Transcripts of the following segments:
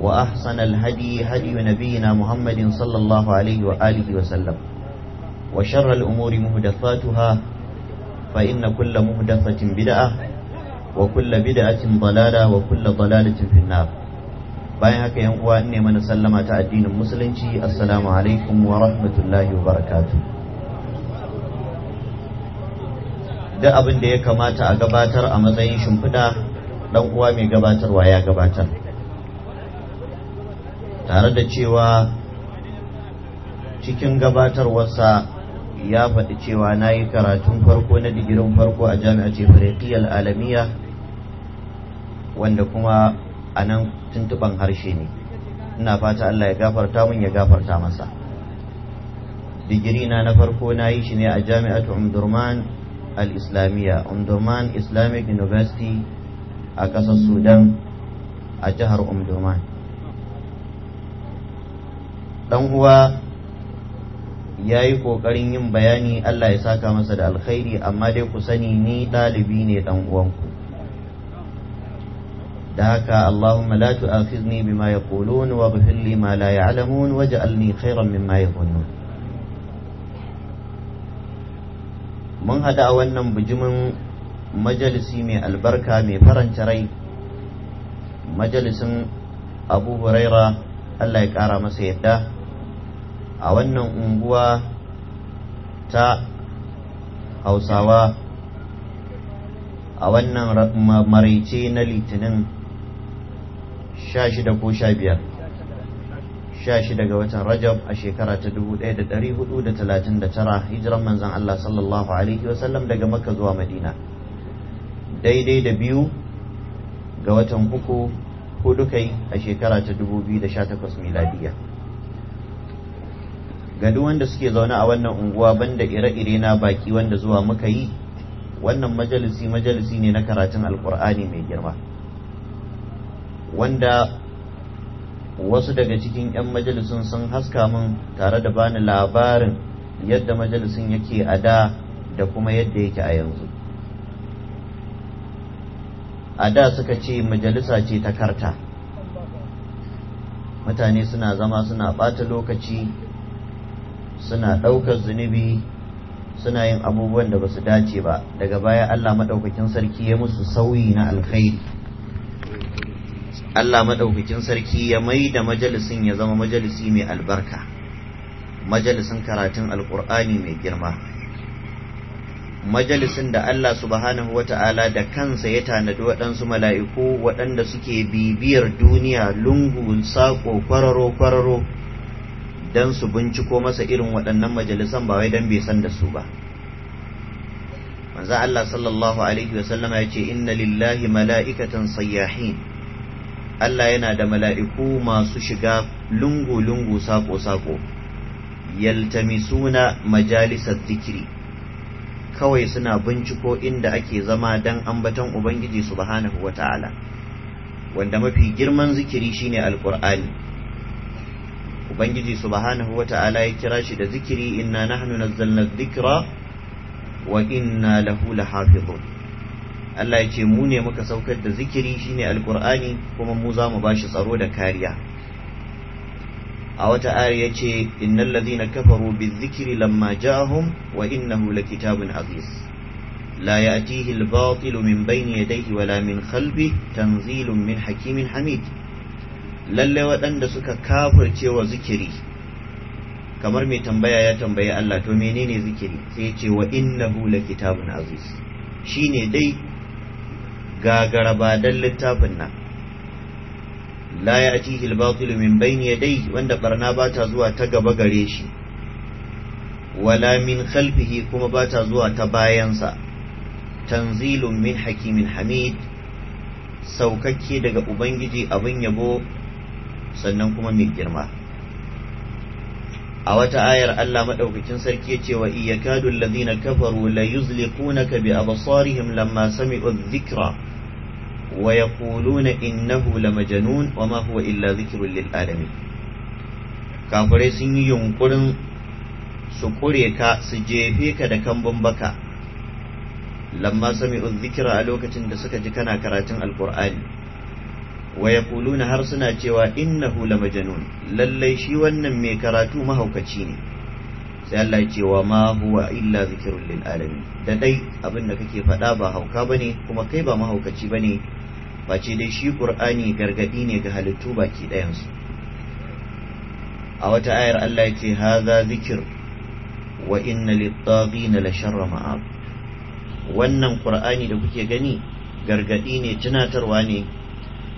وأحسن الهدي هدي نبينا محمد صلى الله عليه وآله وسلم وشر الأمور مهدثاتها فإن كل مهدثة بدعة وكل بدعة ضلالة وكل ضلالة في النار bayan haka yan uwa ne mana sallama ta addinin musulunci assalamu alaikum wa rahmatullahi wa barakatu. Da abin da ya kamata a gabatar a matsayin shimfiɗa ɗan uwa mai gabatarwa ya gabatar tare da cewa cikin gabatarwarsa ya faɗi cewa na yi karatun farko na digirin farko a jami'a ce farikiyar alamiya wanda kuma a nan tuntuɓan harshe ne ina fata allah ya gafarta mun ya gafarta masa digiri na na farko na yi shi ne a jami'at umdurman al-islamiyya umdurman islamic university a ƙasar sudan a jihar umdurman dan uwa ya yi ƙoƙarin yin bayani Allah ya saka masa da alkhairi amma dai ku sani ni ɗalibi ne ɗan uwanku da haka Allahumma la tu'akhizni bima yaqulun wa ighfir li ma la ya'lamun waj'alni khairan mimma yadhunnun mun hada a wannan bijimin majalisi mai albarka mai faranta rai majalisin Abu Hurairah Allah ya ƙara masa yadda a wannan unguwa ta hausawa a wannan maraice na litinin 16 ko 15 16 ga watan rajab a shekara ta 1439 hijiran manzan Allah sallallahu alaihi wasallam daga makka zuwa madina daidai da biyu ga watan uku ko duka yi a shekara ta 2018 miladiya ga duk wanda suke zaune a wannan unguwa banda ire-ire na baki wanda zuwa muka yi wannan majalisi majalisi ne na karatun alkur'ani mai girma wanda wasu daga cikin 'yan majalisun sun haska min tare da bani labarin yadda majalisun yake a da da kuma yadda yake a yanzu a da suka ce majalisa ce ta karta mutane suna zama suna ɓata lokaci suna ɗaukar zunubi suna yin abubuwan da ba su dace ba daga baya Allah maɗaukakin sarki ya musu sauyi na alkhairi Allah maɗaukakin sarki ya mai da majalisin ya zama majalisi mai albarka majalisin karatun Alkur'ani mai girma majalisin da Allah subhanahu wa ta'ala da kansa ya tanadi waɗansu mala'iku waɗanda suke bibiyar duniya lungu saƙo kwararo-kwararo don su binciko masa irin waɗannan majalisan ba wai don bai san da su ba manzo Allah sallallahu alaihi wasallama ya ce inna lillahi mala'ikatan sayyahin Allah yana da mala'iku masu shiga lungu-lungu saƙo-saƙo yaltamisuna majalisar zikiri kawai suna binciko inda ake zama dan ambaton ubangiji subhanahu wataala wanda mafi girman zikiri shine alqur'ani ubangiji subhanahu ta'ala ya kira shi da zikiri inna nahnu nazzalna dhikra wa inna lahu lahafizun Allah ya ce mu ne muka saukar da zikiri shine alqur'ani kuma mu za mu bashi tsaro da kariya a wata ayar yace innal ladina kafaru zikiri lamma ja'ahum wa innahu kitabun aziz la ya'tihi al-batilu min bayni yadayhi wala min khalbi tanzilun min hakimin hamid lalle waɗanda suka kafirce wa zikiri kamar mai tambaya ya tambayi Allah to menene zikiri sai ya ce wa innahu lakitabun aziz shine dai gagara ba dan littafin nan la ya'tihi al-batil min bayni yadayhi wanda barna ba ta zuwa ta gaba gare shi wala min khalfihi kuma ba ta zuwa ta bayansa tanzilun min hakimin hamid saukakke daga ubangiji abin yabo sannan kuma mai girma a wata ayar Allah maɗaukacin sarki ya ce wa iyakadu allazina kafaru la yuzliqunaka bi absarihim lamma sami'u dhikra ويقولون إنه لمجنون وما هو إلا ذكر للعالمين kafirai sun yi yunkurin su kure ka su jefe ka da kambun baka lamma sami'u zikira a lokacin da suka ji kana karatun alkur'ani wa yaquluna har suna cewa innahu lamajnun lallai shi wannan mai karatu mahaukaci ne sai Allah ya ce wa ma illa zikrul lil da dai abin kake faɗa ba hauka bane kuma kai ba mahaukaci bane face dai shi ƙur'ani gargaɗi ne ga halittu baki ɗayansu a wata ayar Allah ce haza zikir wa inna littagina la sharra ma'ab wannan ƙur'ani da kuke gani gargaɗi ne tunatarwa ne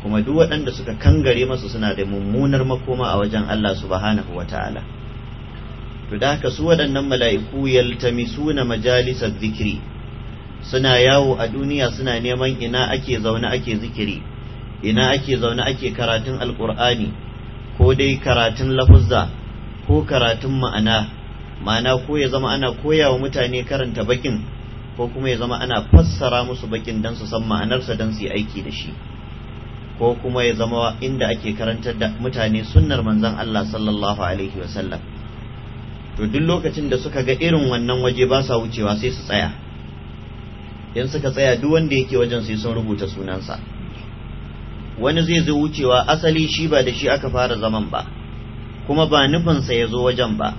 kuma duk waɗanda suka kangare masa suna da mummunar makoma a wajen Allah subhanahu wata'ala ta'ala to da haka su waɗannan mala'iku yaltamisuna majalisar zikiri suna yawo a duniya suna neman ina ake zaune ake zikiri ina ake zaune ake karatun alkur'ani ko dai karatun lafuzza ko karatun ma'ana ma'ana ko ya zama ana koya wa mutane karanta bakin ko kuma ya zama ana fassara musu bakin don su san ma'anarsa don su yi aiki da shi ko kuma ya zama inda ake karantar da mutane sunnar manzon Allah sallallahu alaihi wasallam to duk lokacin da suka ga irin wannan waje ba sa wucewa sai su tsaya Idan suka tsaya duk wanda yake wajen sai sun rubuta sunansa wani zai zo wucewa asali shi ba da shi aka fara zaman ba kuma ba nufinsa ya zo wajen ba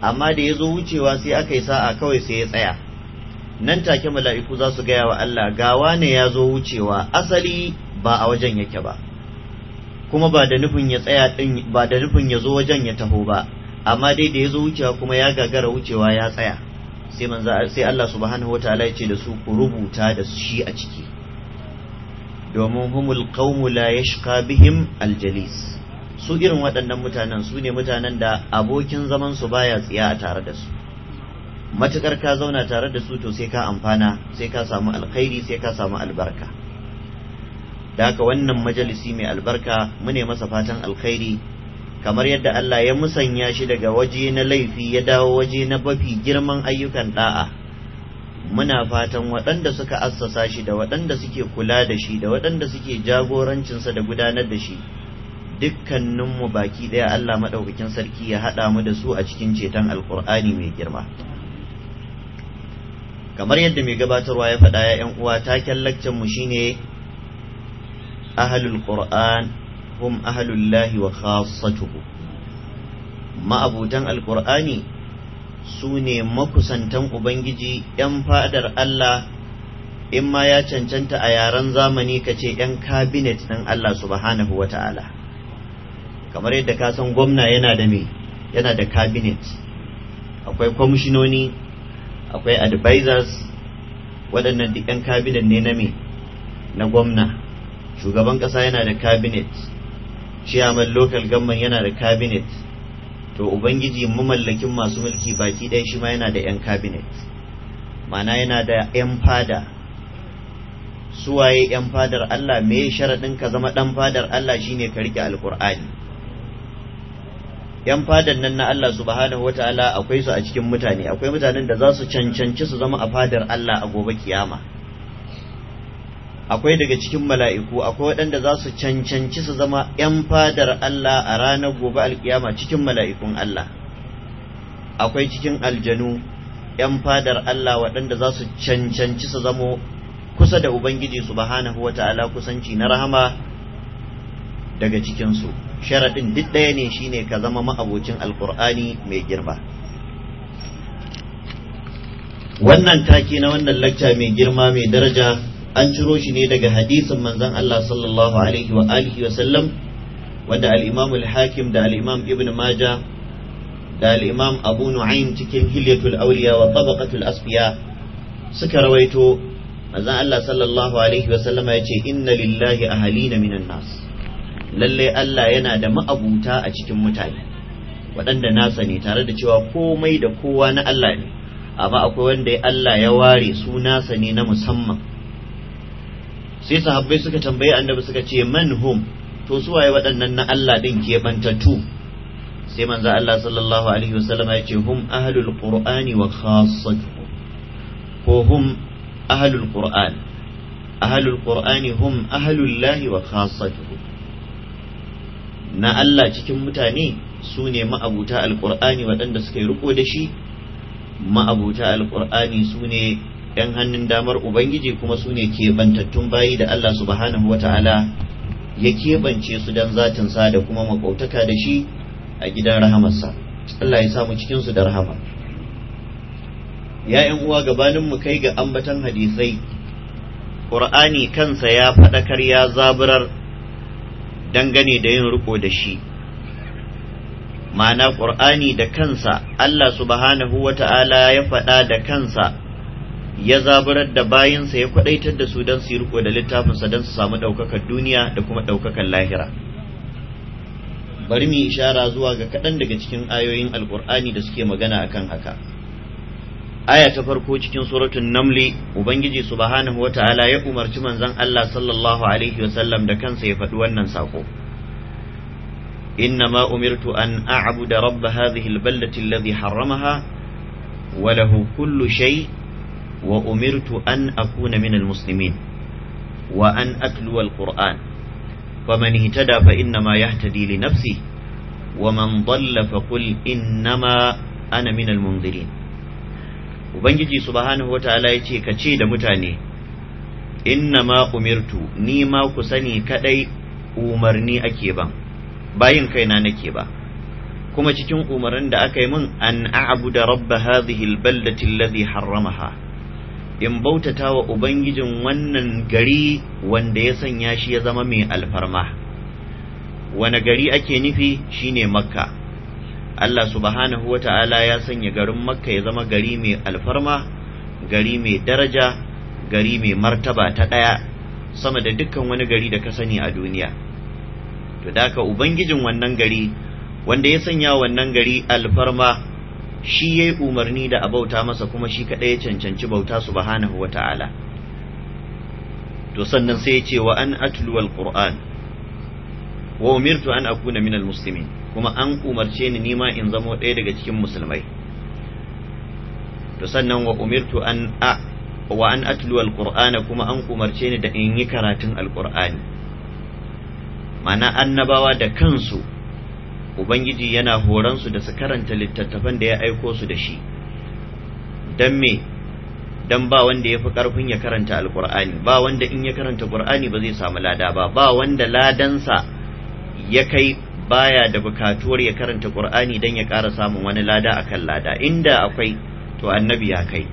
amma da ya zo wucewa sai aka yi sa'a kawai sai ya tsaya nan take mala'iku za su gaya wa Allah gawa ne ya zo wucewa asali ba a wajen yake ba kuma ba da nufin ya tsaya din ba da nufin ya zo wajen ya taho ba amma dai da ya zo wucewa kuma ya gagara wucewa ya tsaya sai manza sai Allah subhanahu wataala ya ce da su ku rubuta da shi a ciki domin humul qaumu la yashqa bihim aljalis su irin waɗannan mutanen su ne mutanen da abokin zaman su baya tsiya a tare da su matukar ka zauna tare da su to sai ka amfana sai ka samu alkhairi sai ka samu albarka da haka wannan majalisi mai albarka mune masa fatan alkhairi kamar yadda Allah ya musanya shi daga waje na laifi ya dawo waje na bafi girman ayyukan da'a muna fatan waɗanda suka assasa shi da waɗanda suke kula da shi da waɗanda suke jagorancinsa da gudanar da shi dukkaninmu baki ɗaya Allah maɗaukakin sarki ya haɗa mu da su a cikin ceton Alƙur'ani mai girma kamar yadda mai gabatarwa ya faɗa ya 'yan uwa taken mu shine ahlul qur'an hum ahlullahi wa khassatuhu ma'abutan alqur'ani su ne makusantan ubangiji yan fadar Allah in ma ya cancanta a yaren zamani ka ce yan kabinet ɗin Allah subhanahu wa kamar yadda ka san gwamna yana da me yana da cabinet akwai kwamishinoni akwai advisors waɗannan duk 'yan cabinet ne na me na gwamna shugaban ƙasa yana da cabinet ciyaman local gamman yana da cabinet to ubangiji mamallakin masu mulki baki ɗaya shi ma yana da 'yan cabinet mana yana da 'yan fada suwaye 'yan fadar Allah me sharaɗin ka zama ɗan fadar Allah shine ka riƙe alƙur'ani 'yan fadar nan na Allah subhanahu wata'ala akwai su a cikin mutane akwai mutanen da za su cancanci su zama a fadar Allah a gobe kiyama akwai daga cikin mala'iku akwai waɗanda za su cancanci su zama ‘yan fadar Allah a ranar gobe alkiyama cikin mala'ikun Allah akwai cikin aljanu ‘yan fadar Allah waɗanda za su cancanci su zamo kusa da Ubangiji su wa ta'ala kusanci na rahama daga cikinsu sharaɗin duk ɗaya ne shi ne ka zama ma'abocin alƙur'ani mai girma wannan take na wannan lacca mai girma mai daraja an ciro shi ne daga hadisin manzon Allah sallallahu alaihi wa alihi wa sallam wanda al-Imam al-Hakim da al-Imam Ibn Majah da al-Imam Abu Nu'aym cikin Hilyatul Awliya wa Tabaqatul Asfiya suka rawaito manzon Allah sallallahu alaihi wa sallam ya ce inna lillahi ahalina minan nas lalle Allah yana da ma'abuta a cikin mutane waɗanda nasa ne tare da cewa komai da kowa na Allah ne amma akwai wanda Allah ya ware su nasa ne na musamman sai sahabbai suka tambayi annabi suka ce man hum to su waye waɗannan na Allah din keɓantattu sai manzo Allah sallallahu alaihi wasallam ya ce hum ahlul qur'ani wa khassatuhu ko hum ahlul qur'an ahlul qur'ani hum ahlul lahi wa khassatuhu na Allah cikin mutane su ne ma'abuta alqur'ani waɗanda suka yi riko da shi ma'abuta alqur'ani su ne yan hannun damar ubangiji kuma su ne keɓantattun bayi da Allah subhanahu wata'ala ya keɓance su don zatinsa da kuma makautaka da shi a gidan rahamarsa Allah ya samu cikinsu da rahama Ya'yan uwa gabanin mu kai ga ambatan hadisai ƙur'ani kansa ya faɗakar ya zaburar dangane da yin riko da shi ma'ana ƙur'ani da kansa Allah subhanahu wa ta'ala ya faɗa da kansa ya zaburar da bayinsa ya kwadaitar da su don su yi riko da littafinsa don su samu ɗaukakar duniya da kuma ɗaukakar lahira bari mu ishara zuwa ga kaɗan daga cikin ayoyin Alƙur'ani da suke magana akan haka aya ta farko cikin suratun namli ubangiji subhanahu wata'ala ya umarci manzon Allah sallallahu alaihi wasallam da kansa ya faɗi wannan sako إنما أمرت أن أعبد رب هذه البلدة الذي حرمها وله كل شيء wa umirtu an akuna min almuslimin wa an atlu alquran faman ihtada fa innama yahtadi li nafsi wa man dalla fa qul innama ana min almunzirin ubangiji subhanahu wataala yace ka ce da mutane innama umirtu ni ma ku sani kadai umarni ake ban bayin na nake ba kuma cikin umarnin da aka yi mun an da Rabba rabb hadhihi albaldati alladhi harramaha in bautata wa ubangijin wannan gari wanda ya sanya shi ya zama mai alfarma wani gari ake nufi shine makka Allah subhanahu wa ta'ala ya sanya garin makka ya zama gari mai alfarma gari mai daraja gari mai martaba ta ɗaya sama da dukkan wani gari da ka sani a duniya to da ubangijin wannan gari wanda ya sanya wannan gari alfarma shi ya yi umarni da abauta masa kuma shi kadai ya cancanci bauta subhanahu ta’ala. to sannan sai ya ce wa an atluwal qur'an wa umirtu an akuna minal muslimin kuma an umarce ni nima in zamo ɗaya daga cikin musulmai to sannan wa umirtu an a wa an kuma an umarce ni da in yi karatun alqur'ani mana annabawa da kansu ubangiji yana su da su karanta littattafan da ya aiko su da shi don me don ba wanda ya fi karfin ya karanta alkur'ani ba wanda in ya karanta qur'ani ba zai samu lada ba ba wanda ladansa ya kai baya da bukatuwar ya karanta ƙur'ani don ya ƙara samun wani lada akan lada inda akwai to annabi ya kai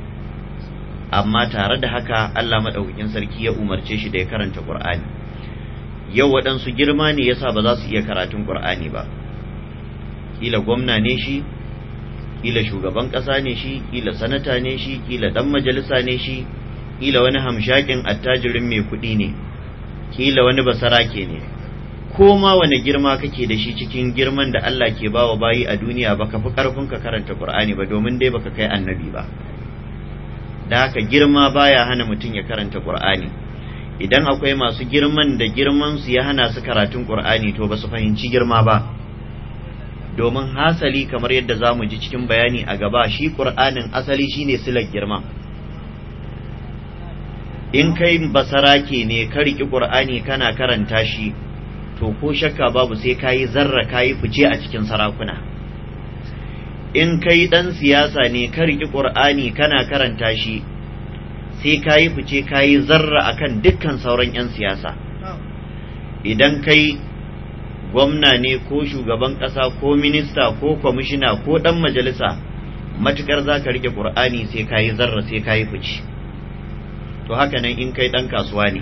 amma tare da haka Allah maɗaukakin sarki ya umarce shi da ya karanta ƙur'ani. yau waɗansu girma ne yasa ba za su iya karatun ƙur'ani ba kila gwamna ne shi kila shugaban ƙasa ne shi kila sanata ne shi kila ɗan majalisa ne shi kila wani hamshakin attajirin mai kuɗi ne kila wani basarake ne ko ma wani girma kake da shi cikin girman da Allah ke bawa bayi a duniya baka fi karfin ka karanta Qur'ani ba domin dai baka kai annabi ba da haka girma baya hana mutum ya karanta Qur'ani idan akwai masu girman da girman su ya hana su karatun Qur'ani to ba su fahimci girma ba domin hasali kamar yadda za mu ji cikin bayani a gaba shi ƙur'anin asali shi ne silar girma in kai basarake ne ka riƙi ƙur'ani kana karanta shi to ko shakka babu sai ka yi zarra ka yi fice a cikin sarakuna in kai ɗan siyasa ne ka riƙi ƙur'ani kana karanta shi sai ka yi fice ka yi zarra a kan dukkan sauran 'yan siyasa idan kai gwamna ne ko shugaban ƙasa ko minista ko kwamishina ko ɗan majalisa matuƙar za ka riƙe ƙur'ani sai ka yi zarra sai ka yi fici to haka nan in kai ɗan kasuwa ne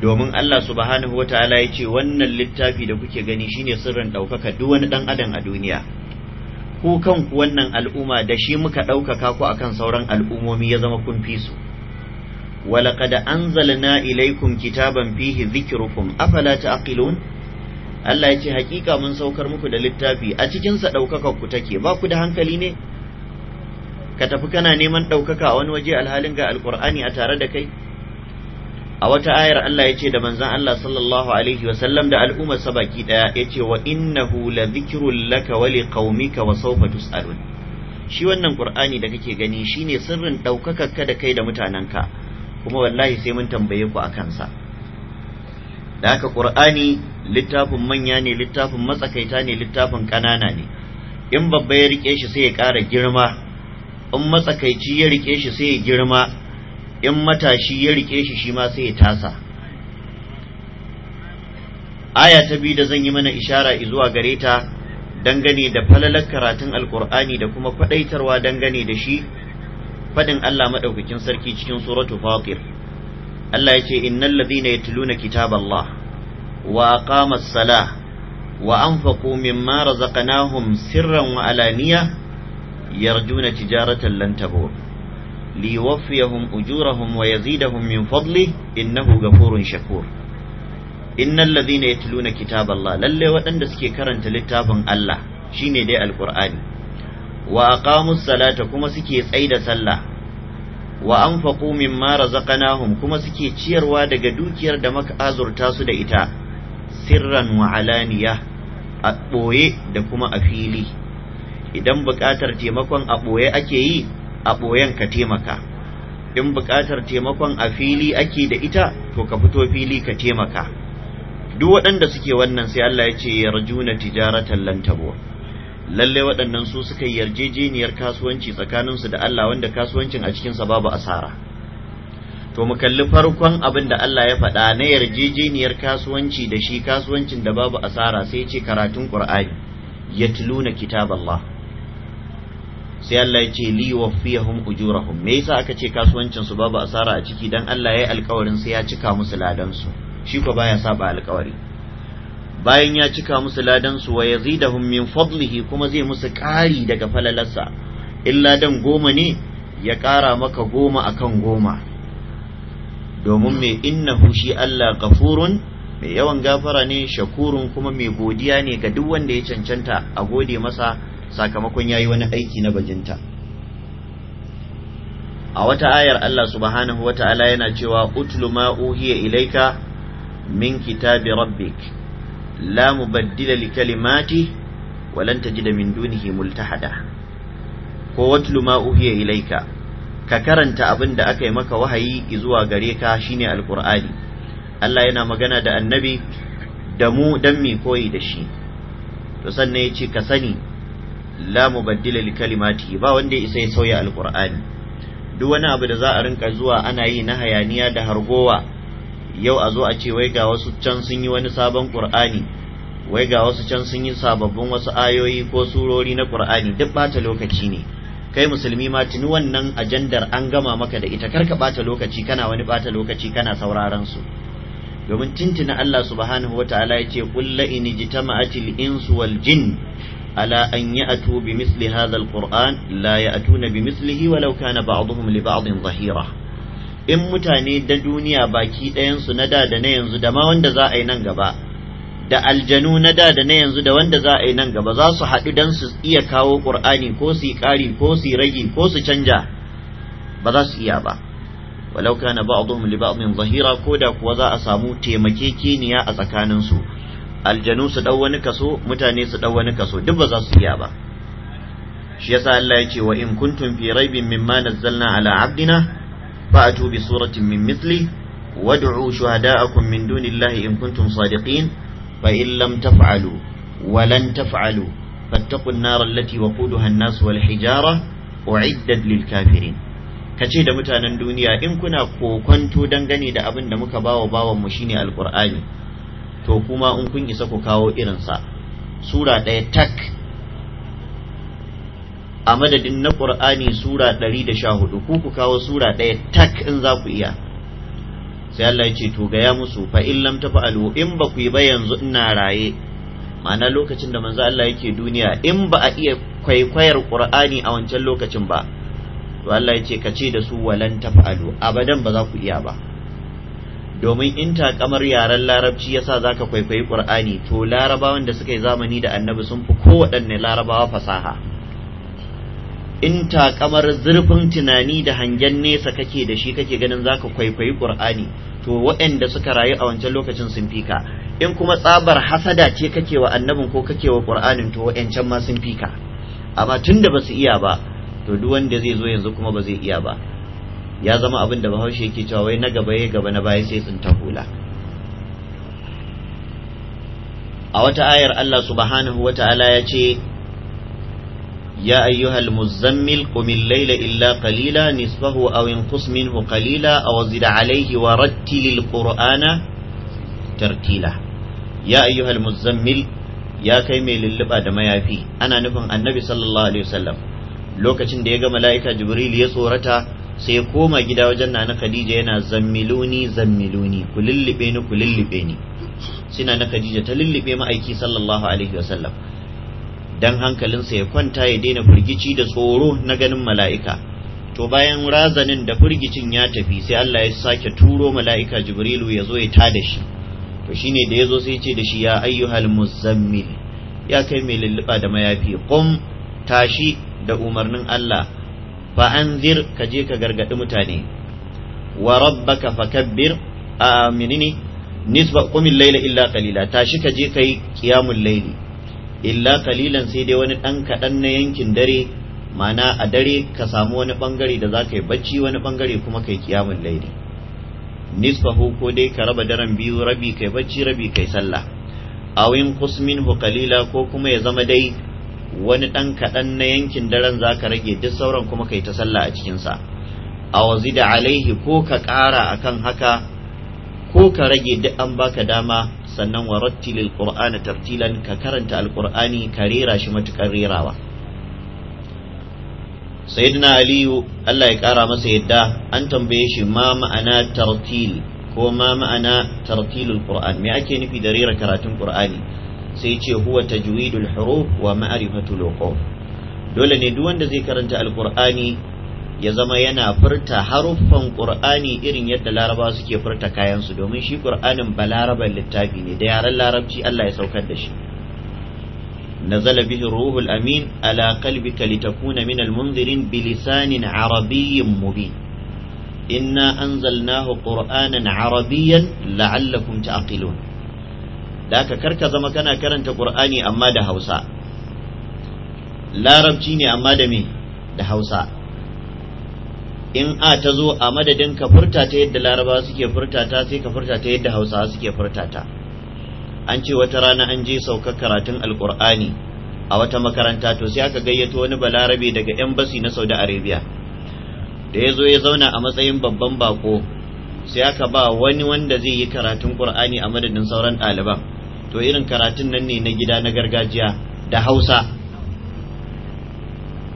domin Allah subhanahu wa ta'ala ya ce wannan littafi da kuke gani shine sirrin ɗaukaka duk wani ɗan adam a duniya ku kanku wannan al'umma da shi muka ɗaukaka ku akan sauran al'ummomi ya zama kun fi su ولقد أنزلنا إليكم كتابا فيه ذكركم أفلا تعقلون Allah ya ce hakika mun saukar muku da littafi a cikinsa ɗaukakar ku take ba ku da hankali ne ka tafi kana neman ɗaukaka a wani waje alhalin ga alkur'ani a tare da kai a wata ayar Allah ya ce da manzan Allah sallallahu alaihi wa sallam da al'ummar sa baki ɗaya, ya ce wa innahu la dhikrul laka wa liqaumika wa sawfa tus'alun shi wannan qur'ani da kake gani shine sirrin ɗaukakar ka da kai da mutanenka kuma wallahi sai mun tambaye ku akan sa da haka qur'ani littafin manya ne littafin matsakaita ne littafin ƙanana ne in babba ya rike shi sai ya ƙara girma in matsakaici ya rike shi sai ya girma in matashi ya rike shi shi ma sai ya tasa aya ta biyu da zan yi mana ishara zuwa gare ta dangane da falalar karatun alkur'ani da kuma kwadaitarwa dangane da shi fadin Allah madaukakin sarki cikin suratu Fakir, Allah ya yace innal ladhina yatluna kitaballah wa aqamas salah wa anfaqu mimma razaqnahum sirran wa alaniya yarjuna tijaratan lan tabur liwaffiyahum ujurahum wa yazidahum min fadli innahu ghafurun shakur innal ladhina yatluna kitaballah lallai waɗanda suke karanta littafin Allah shine dai Alƙur'ani. wa aqamus salata kuma suke tsaida sallah wa anfaqu mimma razaqnahum kuma suke ciyarwa daga dukiyar da muka azurta su da ita sirran wa alaniya a boye da kuma a fili idan buƙatar taimakon a boye ake yi a boyen ka taimaka in buƙatar taimakon a fili ake da ita to ka fito fili ka taimaka duk waɗanda suke wannan sai Allah ya ce ya yarjuna tijaratan lantabo lalle waɗannan su suka yi yarjejeniyar kasuwanci tsakaninsu da Allah wanda kasuwancin a cikinsa babu asara to mu kalli farkon abin da Allah ya faɗa na yarjejeniyar kasuwanci da shi kasuwancin da babu asara sai ce karatun Qur'ani kitab kitaballah sai Allah ya ce li wafiyahum ujurahum me yasa aka ce kasuwancin su babu asara a ciki dan Allah ya yi alƙawarin sai ya cika musu ladan su shi ko baya saba alƙawari bayan ya cika musu ladan ladansu wa da min fadlihi kuma zai musu kari daga falalarsa in ladan goma ne ya kara maka goma akan goma domin mai innahu shi Allah gafurun mai yawan gafara ne shakurun kuma mai godiya ne ga duk wanda ya cancanta a gode masa sakamakon yayi wani aiki na bajinta a wata ayar Allah subhanahu wata'ala yana cewa utlu ma uhiya ilaika min kitabi rabbik la mubaddila li kalimati wa lan tajida min dunihi multahada ko watlu ma uhiya ilayka ka karanta abin da aka yi maka wahayi zuwa gare ka shine alqur'ani Allah yana magana da annabi da mu dan mi koyi da shi to sannan yace ka sani lamu mubaddila li kalimati ba wanda ya isa ya sauya alqur'ani duk wani abu da za a rinka zuwa ana yi na hayaniya da hargowa yau a zo a ce wai ga wasu can sun yi wani sabon ƙur'ani wai ga wasu can sun yi sababbin wasu ayoyi ko surori na ƙur'ani duk bata lokaci ne kai musulmi ma tuni wannan ajandar an gama maka da ita karka bata lokaci kana wani bata lokaci kana sauraron su domin tintina Allah subhanahu wataala yace qul la in jitama'atil insu wal jin ala an ya'tu bi misli hadha al-qur'an la ya'tuna bi mislihi walau kana ba'dhum li ba'dhin dhahira in mutane da duniya baki ɗayansu na da da na yanzu da ma wanda za a yi nan gaba da aljanu na da da na yanzu da wanda za a yi nan gaba za su haɗu don su iya kawo ƙur'ani ko su yi ƙari ko su yi ragi ko su canja ba za su iya ba walau kana ba'dhum li min zahira ko da kuwa za a samu taimakekeniya a tsakaninsu aljanu su ɗau wani kaso mutane su ɗau wani kaso duk ba za su iya ba shi yasa Allah ya ce wa in kuntum fi raibin mimma nazzalna ala abdina فأتوا بصورة من مثله وادعوا شهداءكم من دون الله إن كنتم صادقين فإن لم تفعلوا ولن تفعلوا فاتقوا النار التي وقودها الناس والحجارة أعدت للكافرين kace da mutanen duniya in kuna kokonto dangane da abin da muka bawa bawan mu shine alqur'ani to kuma in kun isa ku kawo irinsa sura ɗaya tak a madadin na ƙur'ani sura ɗari 114 ku ku kawo sura ɗaya tak in za ku iya sai Allah ya ce to gaya musu fa in lam tafa'alu in ba ku yi ba yanzu ina raye ma'ana lokacin da manzo Allah yake duniya in ba a iya kwaikwayar ƙur'ani a wancan lokacin ba to Allah ya ce ka ce da su walan tafa'alu abadan ba za ku iya ba domin in ta kamar yaren larabci yasa zaka kwaikwayi ƙur'ani to larabawan da suka yi zamani da annabi sun fi kowaɗanne larabawa fasaha in takamar zurfin tunani da hangen nesa kake da shi kake ganin za ka kwaikwayi ƙur'ani to waɗanda suka rayu a wancan lokacin sun fika in kuma tsabar hasada ce kake wa annabin ko kake wa ƙur'anin to waɗancan ma sun fika amma tun da ba su iya ba to duk wanda zai zo yanzu kuma ba zai iya ba ya zama abin da bahaushe yake cewa wai na gaba ya gaba na baya sai tsinta hula a wata ayar Allah subhanahu wata'ala ya ce يا أيها المزمل قم الليل إلا قليلا نصفه أو انقص منه قليلا أو زد عليه ورتل القرآن ترتيلا يا أيها المزمل يا كيمي للبا دما يافي أنا نفهم النبي صلى الله عليه وسلم lokacin da ya ga mala'ika jibril ya tsorata sai ya koma gida wajen na na khadija yana zammiluni zammiluni ku lullube ni ku lullube ni suna na khadija ta lullube ma'aiki sallallahu dan hankalinsa ya kwanta ya daina firgici da tsoro na ganin mala'ika to bayan razanin da firgicin ya tafi sai Allah ya sake turo mala'ika jibrilu ya zo ya tada shi to shi ne da ya zo sai ce da shi ya ayyuhal muzammil ya kai mai lulluɓa da mayafi qum tashi da umarnin Allah fa anzir ka je ka gargaɗi mutane wa rabbaka fakabbir a menene nisba qumil layla illa Kalila. tashi ka je kai qiyamul layli illa kalilan sai dai wani ɗan kaɗan na yankin dare mana a dare ka samu wani ɓangare da za ka yi bacci wani ɓangare kuma ka yi kiyamun laili nisfahu ko dai ka raba daren biyu rabi kai bacci rabi kai sallah awin kusmin hu kalila ko kuma ya zama dai wani ɗan kaɗan na yankin daren za ka rage duk sauran kuma kai ta sallah a cikinsa a da alaihi ko ka ƙara akan haka ko ka rage duk an baka dama sannan wa rattilil qur'ana tartilan ka karanta alqur'ani ka rera shi matukar rerawa sayyidina aliyu Allah ya kara masa yadda an tambaye shi ma ma'ana tartil ko ma ma'ana tartilul qur'an me ake nufi da rera karatun qur'ani sai ce huwa tajwidul huruf wa ma'rifatul uquf dole ne duk wanda zai karanta alqur'ani ya zama yana furta haruffan ƙur'ani irin yadda laraba suke furta kayansu domin shi ƙur'anin ba laraba littafi ne da yaren larabci Allah ya saukar da shi nazala bihi ruhul amin ala qalbika litakuna min almunzirin bi lisanin arabiyyin mubin inna anzalnahu qur'anan arabiyyan la'allakum ta'qilun daka karka zama kana karanta ƙur'ani amma da Hausa larabci ne amma da me da Hausa in a ta zo a madadin ka furta ta yadda laraba suke furta ta sai ka furta ta yadda hausa suke furta ta an ce wata rana an je saukar karatun alkur'ani a wata makaranta to sai aka gayyato wani balarabe daga embassy na saudi arabia da ya zo ya zauna a matsayin babban bako sai aka ba wani wanda zai yi karatun qur'ani a madadin sauran ɗaliban to irin karatun nan ne na gida na gargajiya da hausa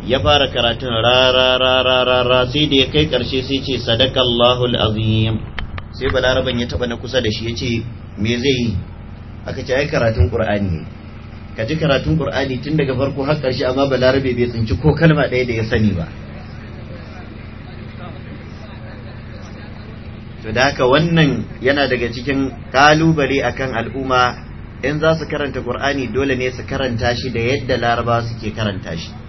ya fara karatun rara sai da ya kai karshe sai ce Allahul azim sai balaraban ya taba na kusa da shi ya ce me zai yi aka ce ai karatun qur'ani ka ji karatun qur'ani tun daga farko har karshe amma balarabe bai tsinci ko kalma ɗaya da ya sani ba to da haka wannan yana daga cikin kalubale akan al'umma in za su karanta qur'ani dole ne su karanta shi da yadda Larabawa suke karanta shi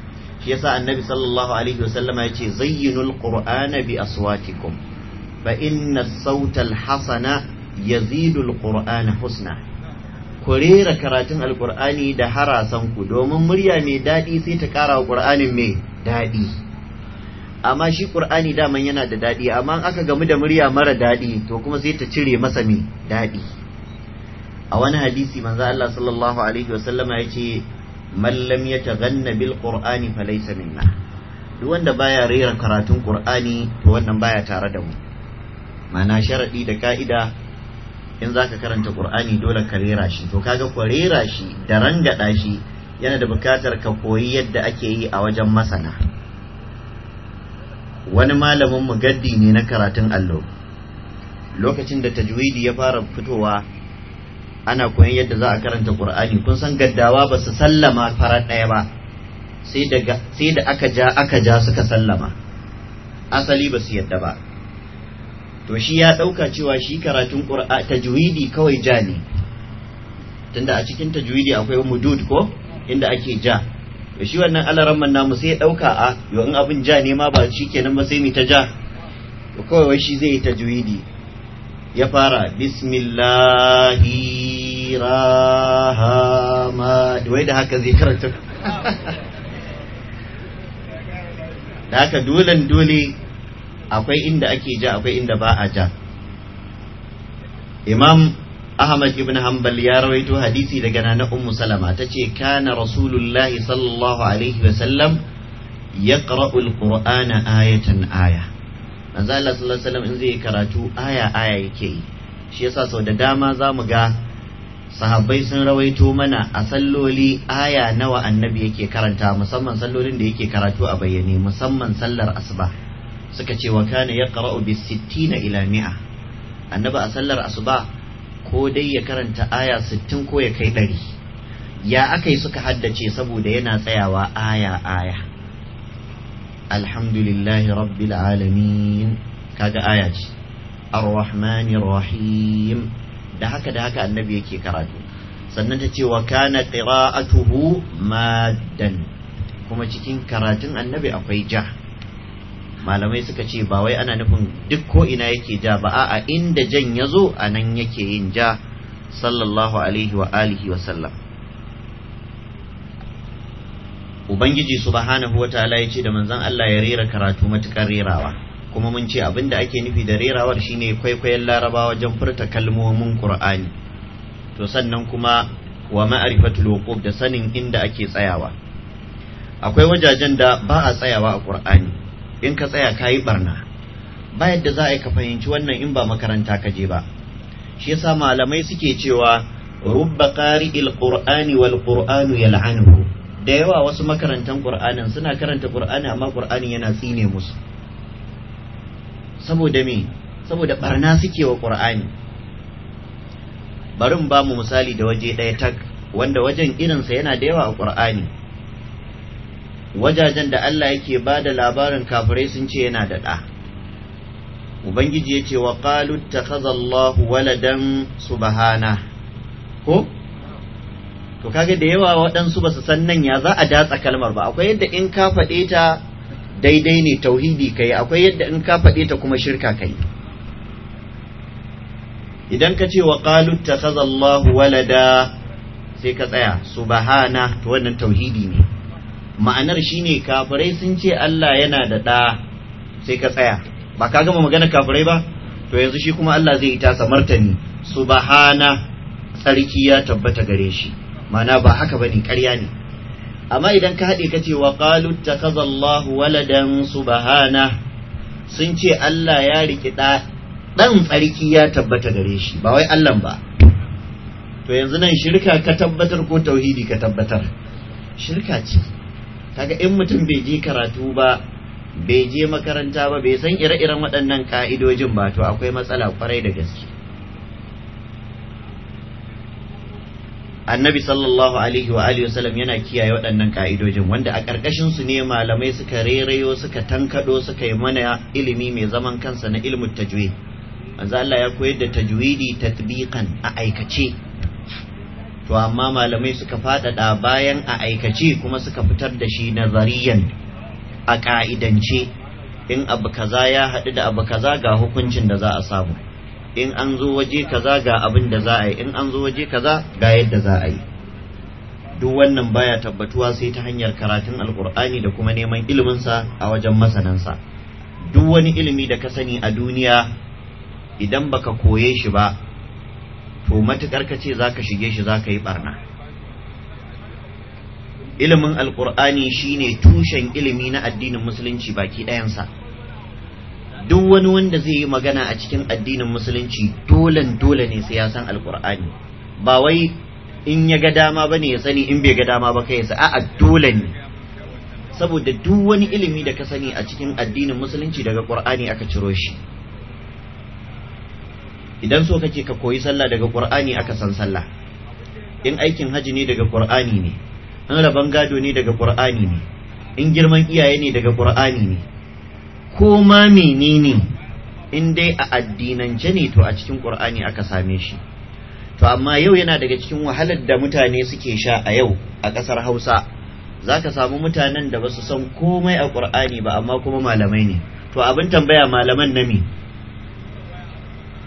shi yasa annabi sallallahu alaihi wasallama yace zayyinul qur'ana bi aswatikum fa inna as-sawta hasana yazidu qurana husna ku rera karatun alqur'ani da harasan ku domin murya mai dadi sai ta kara wa qur'anin mai dadi amma shi qur'ani daman yana da dadi amma aka gamu da murya mara dadi to kuma sai ta cire masa mai dadi a wani hadisi manzo Allah sallallahu alaihi wasallama ce. man lam yataghanna bil qur'ani laysa minna duk wanda baya rera karatun qur'ani to wannan baya tare da mu mana sharadi da ka'ida in zaka karanta qur'ani dole ka rera shi to kaga ko rera shi da rangada shi yana da bukatar ka koyi yadda ake yi a wajen masana wani malamin mu gaddi ne na karatun allo lokacin da tajwidi ya fara fitowa ana koyon yadda za a karanta qur'ani kun san gaddawa ba su sallama farar ɗaya ba sai da aka ja aka ja suka sallama asali ba su yadda ba to shi ya ɗauka cewa shi karatun tajwidi kawai ja ne tunda a cikin tajwidi akwai mudud ko inda ake ja to shi wannan alaramman namu sai ya ɗauka a ah, yau in abin ja ne ma ba shi kenan ba sai mu ta ja to kawai shi zai yi tajwidi ya fara bismillahi da haka zai karanta da haka dolen dole akwai inda ake ja akwai inda ba a ja imam ahmad ibn hanbal ya rawaito hadisi daga nana ummu salama ta ce kana rasulullahi sallallahu alaihi wasallam ya ƙara'ul qur'ana ayatan aya manzo Allah sallallahu alaihi wasallam in zai karatu aya aya yake yi shi yasa sau da dama za mu ga sahabbai sun rawaito mana a salloli aya nawa annabi yake karanta musamman sallolin da yake karatu a bayyane musamman sallar asuba suka ce wa kana yaqra'u bi 60 ila mi'a annabi a sallar asuba ko dai ya karanta aya 60 ko ya kai 100 ya akai suka haddace saboda yana tsayawa aya aya alhamdulillahi rabbil alamin kaga aya ce ar-rahmanir rahim da haka da haka annabi yake karatu sannan ta ce wa kana qira'atuhu maddan kuma cikin karatun annabi akwai ja malamai suka ce ba wai ana nufin duk ko ina yake ja ba a inda jan ya zo a nan yake yin ja sallallahu alaihi wa alihi wa sallam ubangiji subhanahu wa ta'ala ya ce da manzon Allah ya rera karatu matukar rerawa kuma mun ce abin da ake nufi da rerawar shine kwaikwayon laraba wajen furta kalmomin qur'ani to sannan kuma wa ma'rifatul wuquf da sanin inda ake tsayawa akwai wajajen da ba a tsayawa a qur'ani in ka tsaya kayi barna ba yadda za a yi ka fahimci wannan in ba makaranta ka je ba shi yasa malamai suke cewa rubba qari'il qur'ani wal qur'anu yal'anuhu da yawa wasu makarantan qur'anin suna karanta qur'ani amma qur'ani yana tsine musu saboda me saboda barna suke wa ƙur'ani, barin ba mu misali da waje ɗaya tak wanda wajen irinsa yana da yawa a ƙur'ani. wajajen da Allah yake ba da labarin kafirai sun ce yana da ɗa ubangiji ya ce wa qalu Allahu waladan subhana ko to kaga da yawa waɗansu ba su san nan ya za a datsa kalmar ba akwai yadda in ka faɗe ta daidai ne tauhidi kai akwai yadda in ka faɗe ta kuma shirka kai idan ka ce wa qalu Allahu walada sai ka tsaya subhana to wannan tauhidi ne ma'anar shine kafirai sun ce Allah yana da ɗa sai ka tsaya ba ka gama magana kafirai ba to yanzu shi kuma Allah zai tasa martani subhana tsarki ya tabbata gare shi ma'ana ba haka bane ƙarya ne amma idan ka haɗe ka ce wa qalu takazallahu waladan subhana sun ce Allah ya riƙi ɗan tsarki ya tabbata gare shi ba wai Allah ba to yanzu nan shirka ka tabbatar ko tauhidi ka tabbatar shirka ce kaga in mutum bai je karatu ba bai je makaranta ba bai san ire-iren waɗannan ka'idojin ba to akwai matsala kwarai da gaske annabi sallallahu alaihi wa alihi wasallam yana kiyaye waɗannan ka'idojin wanda a ƙarƙashin su ne malamai suka rerayo suka tankaɗo, suka yi mana ilimi mai zaman kansa na ilmu tajwid manzo Allah ya koyar da tajwidi tatbiqan a aikace to amma malamai suka faɗaɗa bayan a aikace kuma suka fitar da shi nazariyan a ƙa'idance in abu kaza ya haɗu da abu kaza ga hukuncin da za a samu in an zo waje kaza ga abin da za a yi in an zo waje kaza ga yadda za a yi duk wannan baya tabbatuwa sai ta hanyar karatun alkur'ani da kuma neman iliminsa a wajen masanansa duk wani ilimi da ka sani a duniya idan baka koye shi ba to matukar ka ce zaka shige shi zaka yi barna ilimin alkur'ani shine tushen ilimi na addinin musulunci baki ɗayansa duk wani wanda zai yi magana a cikin addinin musulunci dole dole ne sai ya san alkur'ani ba wai in ya ga dama ba ne ya sani in bai ga dama ba kai sa a'a dole ne saboda duk wani ilimi da ka sani a cikin addinin musulunci daga qur'ani aka ciro shi idan so kake ka koyi sallah daga qur'ani aka san sallah in aikin haji ne daga qur'ani ne in rabon gado ne daga qur'ani ne in girman iyaye ne daga qur'ani ne ko ma menene in dai a addinance ne to a cikin qur'ani aka same shi to amma yau yana daga cikin wahalar da mutane suke sha a yau a ƙasar hausa za ka samu mutanen da ba su san komai a ƙur'ani ba amma kuma malamai ne to abin tambaya malaman na me